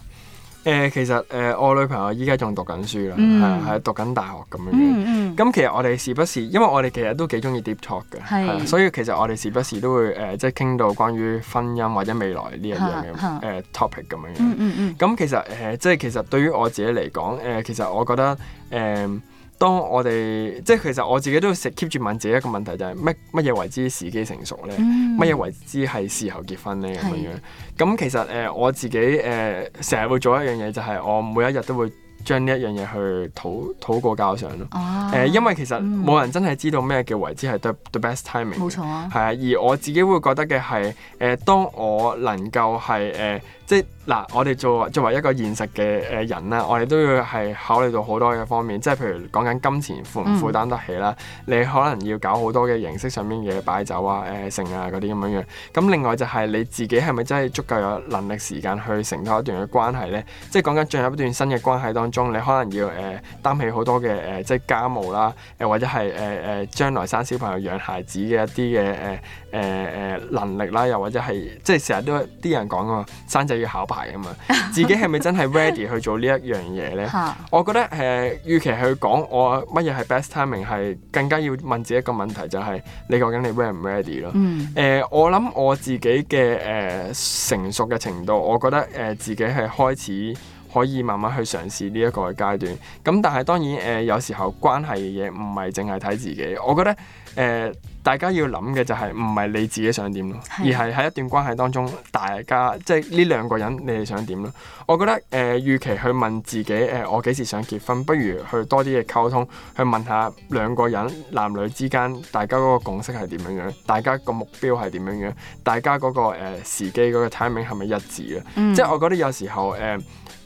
誒、呃、其實誒、呃、我女朋友依家仲讀緊書啦，係係、嗯、讀緊大學咁樣樣。咁、嗯嗯、其實我哋時不時，因為我哋其實都幾中意 deep talk 嘅係，所以其實我哋時不時都會誒、呃、即係傾到關於婚姻或者未來呢一樣嘅誒 topic 咁樣樣。咁、嗯嗯嗯、其實誒、呃、即係其實對於我自己嚟講，誒、呃、其實我覺得誒、呃當我哋即係其實我自己都會 keep 住問自己一個問題，就係乜乜嘢為之時機成熟咧？乜嘢、嗯、為之係時候結婚咧咁樣？咁是其實誒、呃、我自己誒成日會做一樣嘢，就係我每一日都會將呢一樣嘢去討討過教上咯。誒、啊呃、因為其實冇人真係知道咩叫為之係 the the best timing。冇錯啊。係啊，而我自己會覺得嘅係誒，當我能夠係誒。呃即嗱，我哋做作為一個現實嘅誒人啦，我哋都要係考慮到好多嘅方面，即係譬如講緊金錢負唔負擔得起啦，嗯、你可能要搞好多嘅形式上面嘅擺酒啊、誒、呃、成啊嗰啲咁樣樣咁，另外就係你自己係咪真係足夠有能力時間去承擔一段嘅關係咧？即係講緊進入一段新嘅關係當中，你可能要誒擔、呃、起好多嘅誒、呃、即係家務啦，誒或者係誒誒將來生小朋友、養孩子嘅一啲嘅誒誒誒能力啦，又或者係即係成日都啲人講啊，生仔，生要考牌啊嘛， 自己係咪真係 ready 去做呢一樣嘢呢？ 我覺得誒，呃、與其去講我乜嘢係 best timing，係更加要問自己一個問題，就係、是、你究竟你 re ready 唔 ready 咯？誒、呃，我諗我自己嘅誒、呃、成熟嘅程度，我覺得誒、呃、自己係開始可以慢慢去嘗試呢一個階段。咁但係當然誒、呃，有時候關係嘅嘢唔係淨係睇自己，我覺得誒。呃大家要諗嘅就係唔係你自己想點咯，的而係喺一段關係當中，大家即係呢兩個人你哋想點咯？我覺得誒、呃、與其去問自己誒、呃、我幾時想結婚，不如去多啲嘅溝通，去問下兩個人男女之間大家個共識係點樣樣，大家個目標係點樣樣，大家、嗰個誒時機嗰個 timing 係咪一致啊？嗯、即係我覺得有時候誒、呃、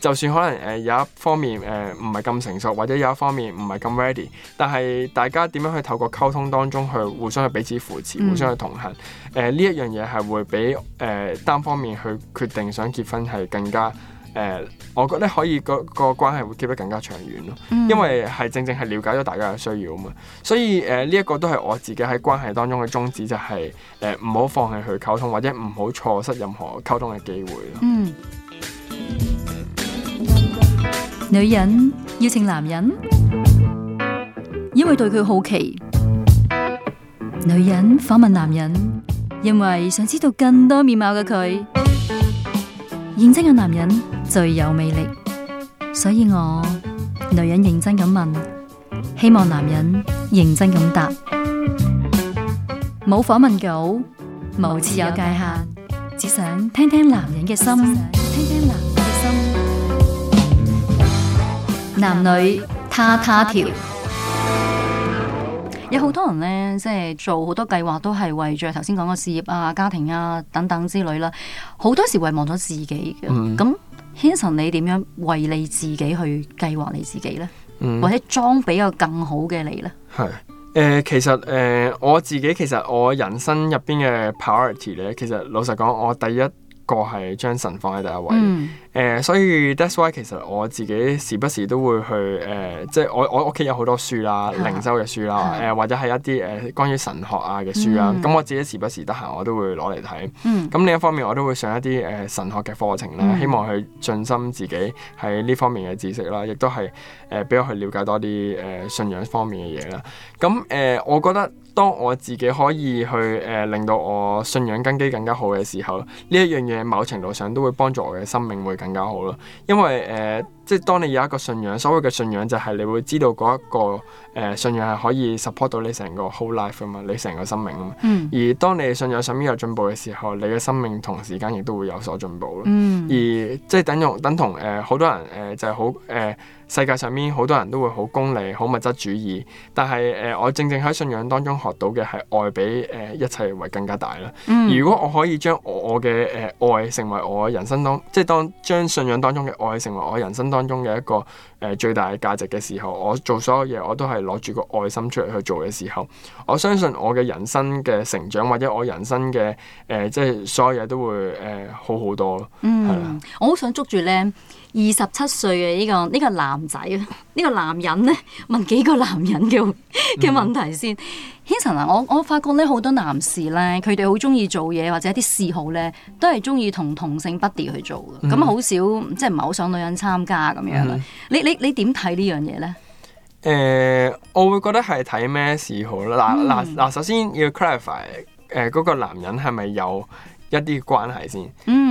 就算可能誒有一方面誒唔係咁成熟，或者有一方面唔係咁 ready，但係大家點樣去透過溝通當中去互相去。彼此扶持，互相去同行。誒、mm. 呃，呢一樣嘢係會比誒、呃、單方面去決定想結婚係更加誒、呃，我覺得可以嗰個，個關係會 keep 得更加長遠咯。Mm. 因為係正正係了解咗大家嘅需要啊嘛。所以誒呢一個都係我自己喺關係當中嘅宗旨，就係誒唔好放棄去溝通，或者唔好錯失任何溝通嘅機會咯。嗯。Mm. 女人邀請男人，因為對佢好奇。女人訪問男人，因為想知道更多面貌嘅佢。認真嘅男人最有魅力，所以我女人認真咁問，希望男人認真咁答。冇訪問稿，冇設有界限，只想聽聽男人嘅心，聽聽男人嘅心。男女他她調。有好多人呢，即係做好多計劃，都係為著頭先講嘅事業啊、家庭啊等等之類啦。好多時遺忘咗自己嘅。咁、嗯、Hinson 你點樣為你自己去計劃你自己呢？嗯、或者裝比較更好嘅你呢？係誒、呃，其實誒、呃，我自己其實我人生入邊嘅 priority 呢，其實老實講，我第一個係將神放喺第一位。嗯誒、呃，所以 that's why 其實我自己時不時都會去誒、呃，即係我我屋企有好多書啦，靈 修嘅書啦，誒、 呃、或者係一啲誒、呃、關於神學啊嘅書啦，咁、嗯、我自己時不時得閒我都會攞嚟睇。咁、嗯、另一方面我都會上一啲誒、呃、神學嘅課程啦，嗯、希望去進深自己喺呢方面嘅知識啦，亦都係誒俾我去了解多啲誒、呃、信仰方面嘅嘢啦。咁、嗯、誒、呃，我覺得當我自己可以去誒、呃、令到我信仰根基更加好嘅時候，呢一樣嘢某程度上都會幫助我嘅生命會更加好咯，因為誒、呃，即係當你有一個信仰，所謂嘅信仰就係你會知道嗰、那、一個誒、呃、信仰係可以 support 到你成個 whole life 噶嘛，你成個生命啊嘛。嗯。而當你信仰上面有進步嘅時候，你嘅生命同時間亦都會有所進步咯。嗯。而即係等用等同誒，好、呃、多人誒、呃、就係好誒。呃世界上面好多人都會好功利、好物質主義，但係誒、呃，我正正喺信仰當中學到嘅係愛比誒、呃、一切為更加大啦。嗯，如果我可以將我我嘅誒、呃、愛成為我人生當即係當將信仰當中嘅愛成為我人生當中嘅一個誒、呃、最大嘅價值嘅時候，我做所有嘢我都係攞住個愛心出嚟去做嘅時候，我相信我嘅人生嘅成長或者我人生嘅誒、呃、即係所有嘢都會誒、呃、好好多咯。嗯，係啦，我好想捉住咧。二十七歲嘅呢、這個呢、這個男仔啊，呢、這個男人咧問幾個男人嘅嘅 問題先。Hinson 啊、嗯，我我發覺咧好多男士咧，佢哋好中意做嘢或者啲嗜好咧，都係中意同同性 buddy 去做嘅，咁好、嗯、少即係唔係好想女人參加咁樣啦、嗯。你你你點睇呢樣嘢咧？誒、呃，我會覺得係睇咩嗜好啦。嗱嗱嗱，首先要 clarify 誒、呃、嗰、那個男人係咪有？一啲關係先，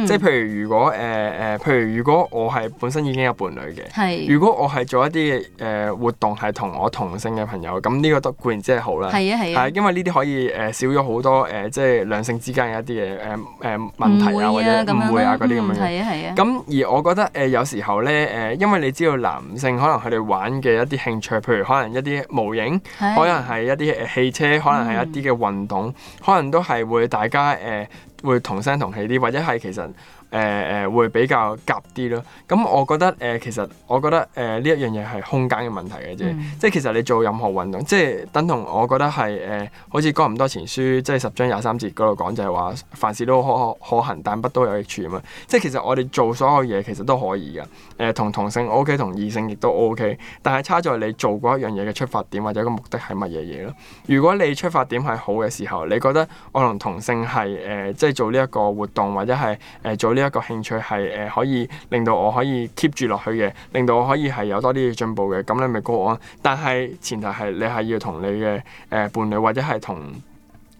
即係譬如如果誒誒，譬如如果我係本身已經有伴侶嘅，係。如果我係做一啲誒活動係同我同性嘅朋友，咁呢個都固然之係好啦。係啊係啊。係因為呢啲可以誒少咗好多誒，即係兩性之間嘅一啲嘅誒誒問題啊，或者誤會啊嗰啲咁樣。係啊係啊。咁而我覺得誒有時候咧誒，因為你知道男性可能佢哋玩嘅一啲興趣，譬如可能一啲模型，可能係一啲誒汽車，可能係一啲嘅運動，可能都係會大家誒。會同聲同氣啲，或者係其實。誒誒、呃、會比較夾啲咯，咁我覺得誒其實我覺得誒呢、呃、一樣嘢係空間嘅問題嘅啫，即係其實你做任何運動，即係等同我覺得係誒、呃，好似《哥林多前書》即係十章廿三節嗰度講就係話，凡事都可可行，但不都有益處嘛，即係其實我哋做所有嘢其實都可以嘅，誒、呃、同同性 OK，同異性亦都 OK，但係差在你做嗰一樣嘢嘅出發點或者個目的係乜嘢嘢咯。如果你出發點係好嘅時候，你覺得我同同性係誒、呃、即係做呢一個活動或者係誒、呃、做呢、這個，一個興趣係誒、呃，可以令到我可以 keep 住落去嘅，令到我可以係有多啲嘅進步嘅，咁你咪高安。但係前提係你係要同你嘅誒、呃、伴侶或者係同。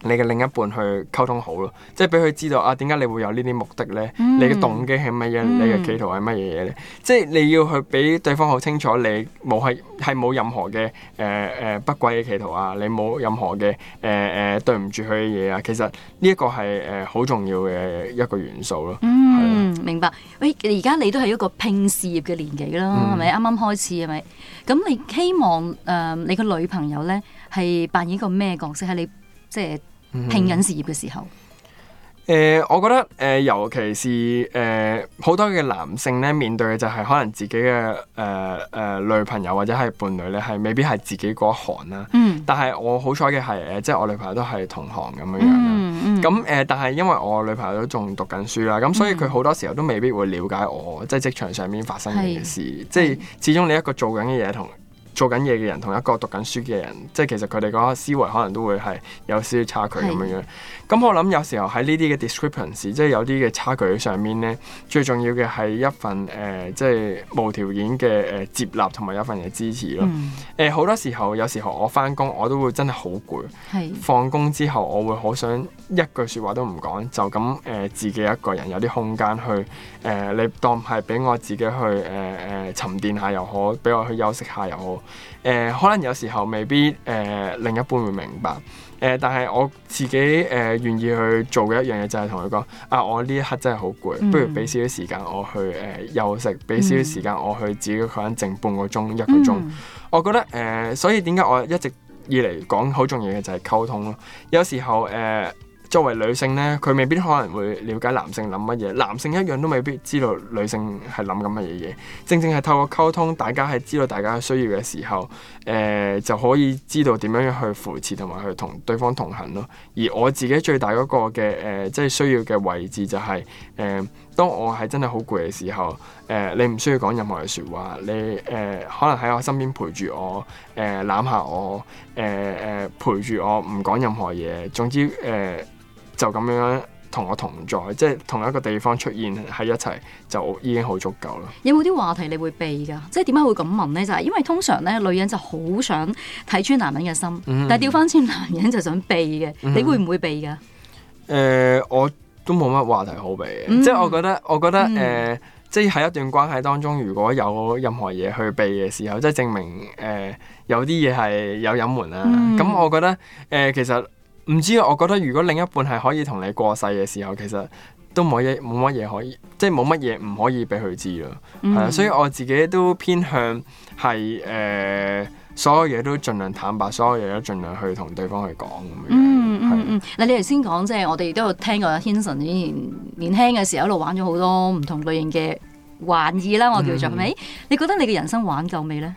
你嘅另一半去溝通好咯，即係俾佢知道啊，點解你會有呢啲目的咧？嗯、你嘅動機係乜嘢？嗯、你嘅企圖係乜嘢嘢咧？即係你要去俾對方好清楚，你冇係係冇任何嘅誒誒不軌嘅企圖啊，你冇任何嘅誒誒對唔住佢嘅嘢啊！其實呢一個係誒好重要嘅一個元素咯。嗯啊、明白。喂，而家你都係一個拼事業嘅年紀啦，係咪啱啱開始係咪？咁你希望誒、呃、你個女朋友咧係扮演一個咩角色喺你即係？平緊事業嘅時候，誒、嗯呃，我覺得誒、呃，尤其是誒，好、呃、多嘅男性咧，面對嘅就係可能自己嘅誒誒，女朋友或者係伴侶咧，係未必係自己嗰行啦。嗯、但係我好彩嘅係，誒，即係我女朋友都係同行咁樣樣。咁誒、嗯嗯呃，但係因為我女朋友都仲讀緊書啦，咁所以佢好多時候都未必會了解我，嗯、即係職場上面發生嘅事。即係，始終你一個做緊嘅嘢同。做緊嘢嘅人同一個讀緊書嘅人，即係其實佢哋嗰個思維可能都會係有少少差距咁樣樣。咁我諗有時候喺呢啲嘅 description，即係有啲嘅差距上面呢，最重要嘅係一份誒，即、呃、係、就是、無條件嘅誒、呃、接納同埋一份嘅支持咯。誒好、嗯呃、多時候有時候我返工我都會真係好攰，放工是之後我會好想一句說話都唔講就咁誒、呃、自己一個人有啲空間去誒、呃，你當係俾我自己去誒誒、呃、沉澱下又好，俾我去休息下又好。誒、呃，可能有時候未必誒、呃，另一半會明白誒、呃，但係我自己誒，願、呃、意去做嘅一樣嘢就係同佢講，啊，我呢一刻真係好攰，嗯、不如俾少少時間我去誒、呃、休息，俾少少時間我去自己個人靜半個鐘、嗯、一個鐘，嗯、我覺得誒、呃，所以點解我一直以嚟講好重要嘅就係溝通咯，有時候誒。呃作為女性呢，佢未必可能會了解男性諗乜嘢；男性一樣都未必知道女性係諗緊乜嘢嘢。正正係透過溝通，大家係知道大家嘅需要嘅時候，誒、呃、就可以知道點樣去扶持同埋去同對方同行咯。而我自己最大嗰個嘅誒，即、呃、係、就是、需要嘅位置就係、是、誒、呃，當我係真係好攰嘅時候，誒、呃、你唔需要講任何嘅説話，你誒、呃、可能喺我身邊陪住我，誒攬下我，誒、呃、誒陪住我，唔講任何嘢。總之誒。呃就咁樣同我同在，即係同一個地方出現喺一齊，就已經好足夠啦。有冇啲話題你會避噶？即係點解會咁問呢？就係、是、因為通常咧，女人就好想睇穿男人嘅心，嗯、但係調翻轉，男人就想避嘅。嗯、哼你會唔會避噶？誒、呃，我都冇乜話題好避嘅，嗯、即係我覺得，我覺得誒、呃，即係喺一段關係當中，如果有任何嘢去避嘅時候，即係證明誒、呃、有啲嘢係有隱瞞啦。咁、嗯、我覺得誒、呃，其實。唔知啊，我覺得如果另一半係可以同你過世嘅時候，其實都冇一冇乜嘢可以，即係冇乜嘢唔可以俾佢知咯。係啊，mm hmm。所以我自己都偏向係誒、呃，所有嘢都盡量坦白，所有嘢都盡量去同對方去講咁樣。嗯嗯，嗱，你頭先講即係我哋都有聽過，Hinson 以前年輕嘅時候一路玩咗好多唔同類型嘅玩意啦，我叫做係咪、mm hmm。欸？你覺得你嘅人生玩夠未呢？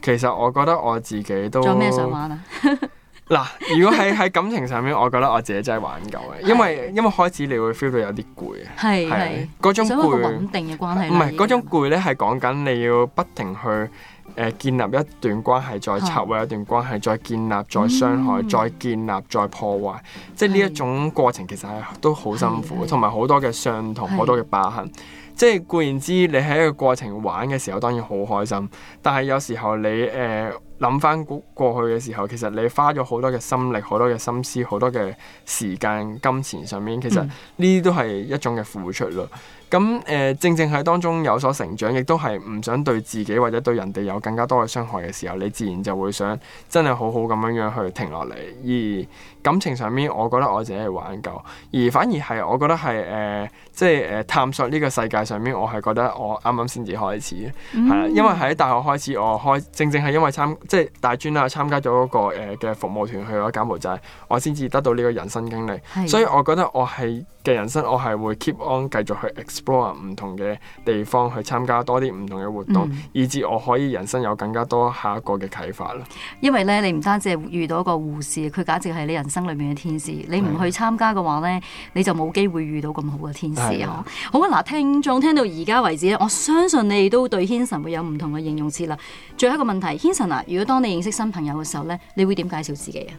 其實我覺得我自己都。再咩想玩啊？ 嗱，如果喺喺感情上面，我覺得我自己真係玩夠嘅，因為因為開始你會 feel 到有啲攰啊，係嗰種攰，想一個穩定嘅關係，唔係嗰種攰咧，係講緊你要不停去誒建立一段關係，再拆毀一段關係，再建立，再傷害，再建立，再破壞，即係呢一種過程其實係都好辛苦，同埋好多嘅傷痛，好多嘅疤痕。即係固然之，你喺一個過程玩嘅時候當然好開心，但係有時候你誒。諗翻過去嘅時候，其實你花咗好多嘅心力、好多嘅心思、好多嘅時間、金錢上面，其實呢啲都係一種嘅付出咯。咁誒、呃，正正喺當中有所成長，亦都係唔想對自己或者對人哋有更加多嘅傷害嘅時候，你自然就會想真係好好咁樣樣去停落嚟。而感情上面，我覺得我自己係玩夠，而反而係我覺得係誒、呃，即係誒探索呢個世界上面，我係覺得我啱啱先至開始，係啦、嗯，因為喺大學開始，我開正正係因為參即係大專啦，參加咗嗰、那個嘅、呃、服務團去咗柬埔寨，我先至得到呢個人生經歷，的所以我覺得我係嘅人生，我係會 keep on 繼續去。唔同嘅地方去參加多啲唔同嘅活動，嗯、以至我可以人生有更加多下一個嘅啟發啦。因為咧，你唔單止遇到一個護士，佢簡直係你人生裏面嘅天使。你唔去參加嘅話咧，的你就冇機會遇到咁好嘅天使的啊！好啊，嗱，聽眾聽到而家為止，我相信你都對軒神會有唔同嘅形用詞啦。最後一個問題，軒 n 啊，如果當你認識新朋友嘅時候咧，你會點介紹自己啊？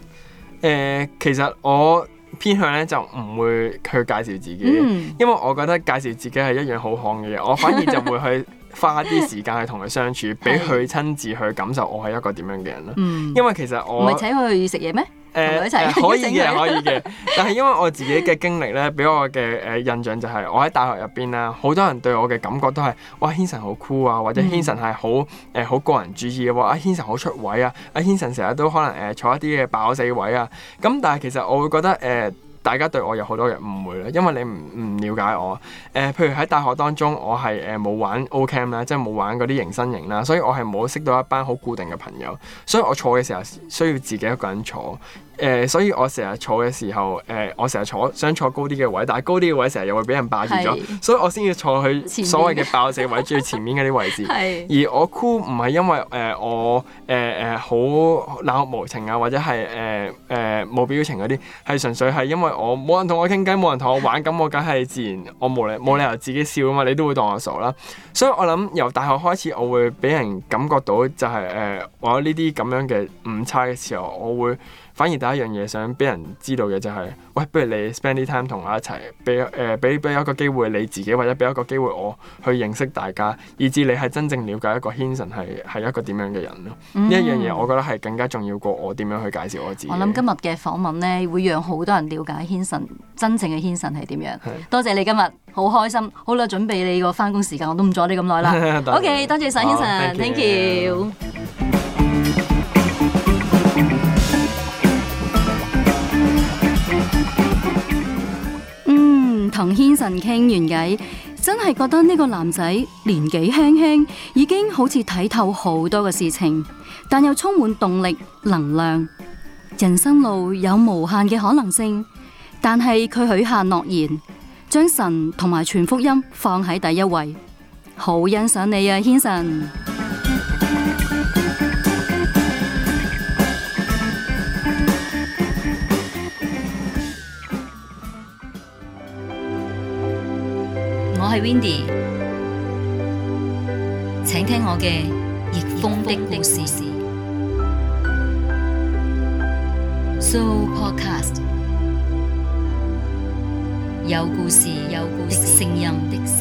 誒、呃，其實我。偏向呢就唔會去介紹自己，嗯、因為我覺得介紹自己係一樣好看嘅嘢，我反而就會去花啲時間去同佢相處，俾佢親自去感受我係一個點樣嘅人啦。嗯、因為其實我唔係請佢去食嘢咩？誒、呃呃，可以嘅，可以嘅， 但係因為我自己嘅經歷咧，俾我嘅誒、呃、印象就係，我喺大學入邊啦，好多人對我嘅感覺都係，哇，Hinson 好酷啊，或者 Hinson 係好誒好個人主義嘅話，Hinson 好出位啊，Hinson 成日都可能誒、呃、坐一啲嘅爆死位啊，咁但係其實我會覺得誒。呃大家對我有好多嘅誤會啦，因為你唔唔瞭解我。呃、譬如喺大學當中，我係誒冇玩 Ocam 啦，cam，即係冇玩嗰啲迎新營啦，所以我係冇識到一班好固定嘅朋友，所以我坐嘅時候需要自己一個人坐。誒、呃，所以我成日坐嘅時候，誒、呃，我成日坐想坐高啲嘅位，但係高啲嘅位成日又會俾人霸住咗，是所以我先要坐去所謂嘅爆死位前面 最前面嗰啲位置。是而我酷唔係因為誒、呃、我誒誒好冷酷無情啊，或者係誒誒冇表情嗰啲，係純粹係因為我冇人同我傾偈，冇人同我玩，咁 我梗係自然我冇理冇理由自己笑啊嘛。你都會當我傻啦。所以我諗由大學開始，我會俾人感覺到就係誒我呢啲咁樣嘅誤差嘅時候，我會。反而第一樣嘢想俾人知道嘅就係、是，喂，不如你 spend 啲 time 同我一齊，俾誒俾俾一個機會你自己，或者俾一個機會我去認識大家，以至你係真正了解一個 Hinson 係係一個點樣嘅人咯。呢、嗯、哼一樣嘢我覺得係更加重要過我點樣去介紹我自己。我諗今日嘅訪問呢，會讓好多人了解 Hinson 真正嘅 Hinson 係點樣。是多謝你今日，好開心。好啦，準備你個翻工時間，我都唔阻你咁耐啦。OK，多謝晒 Hinson，Thank you。同 Hinson 傾完偈，真係覺得呢個男仔年紀輕輕，已經好似睇透好多嘅事情，但又充滿動力能量。人生路有無限嘅可能性，但係佢許下諾言，將神同埋全福音放喺第一位。好欣賞你啊，Hinson！我係 Windy，請聽我嘅逆風的故事。So podcast 有故事，有故事，有聲音的。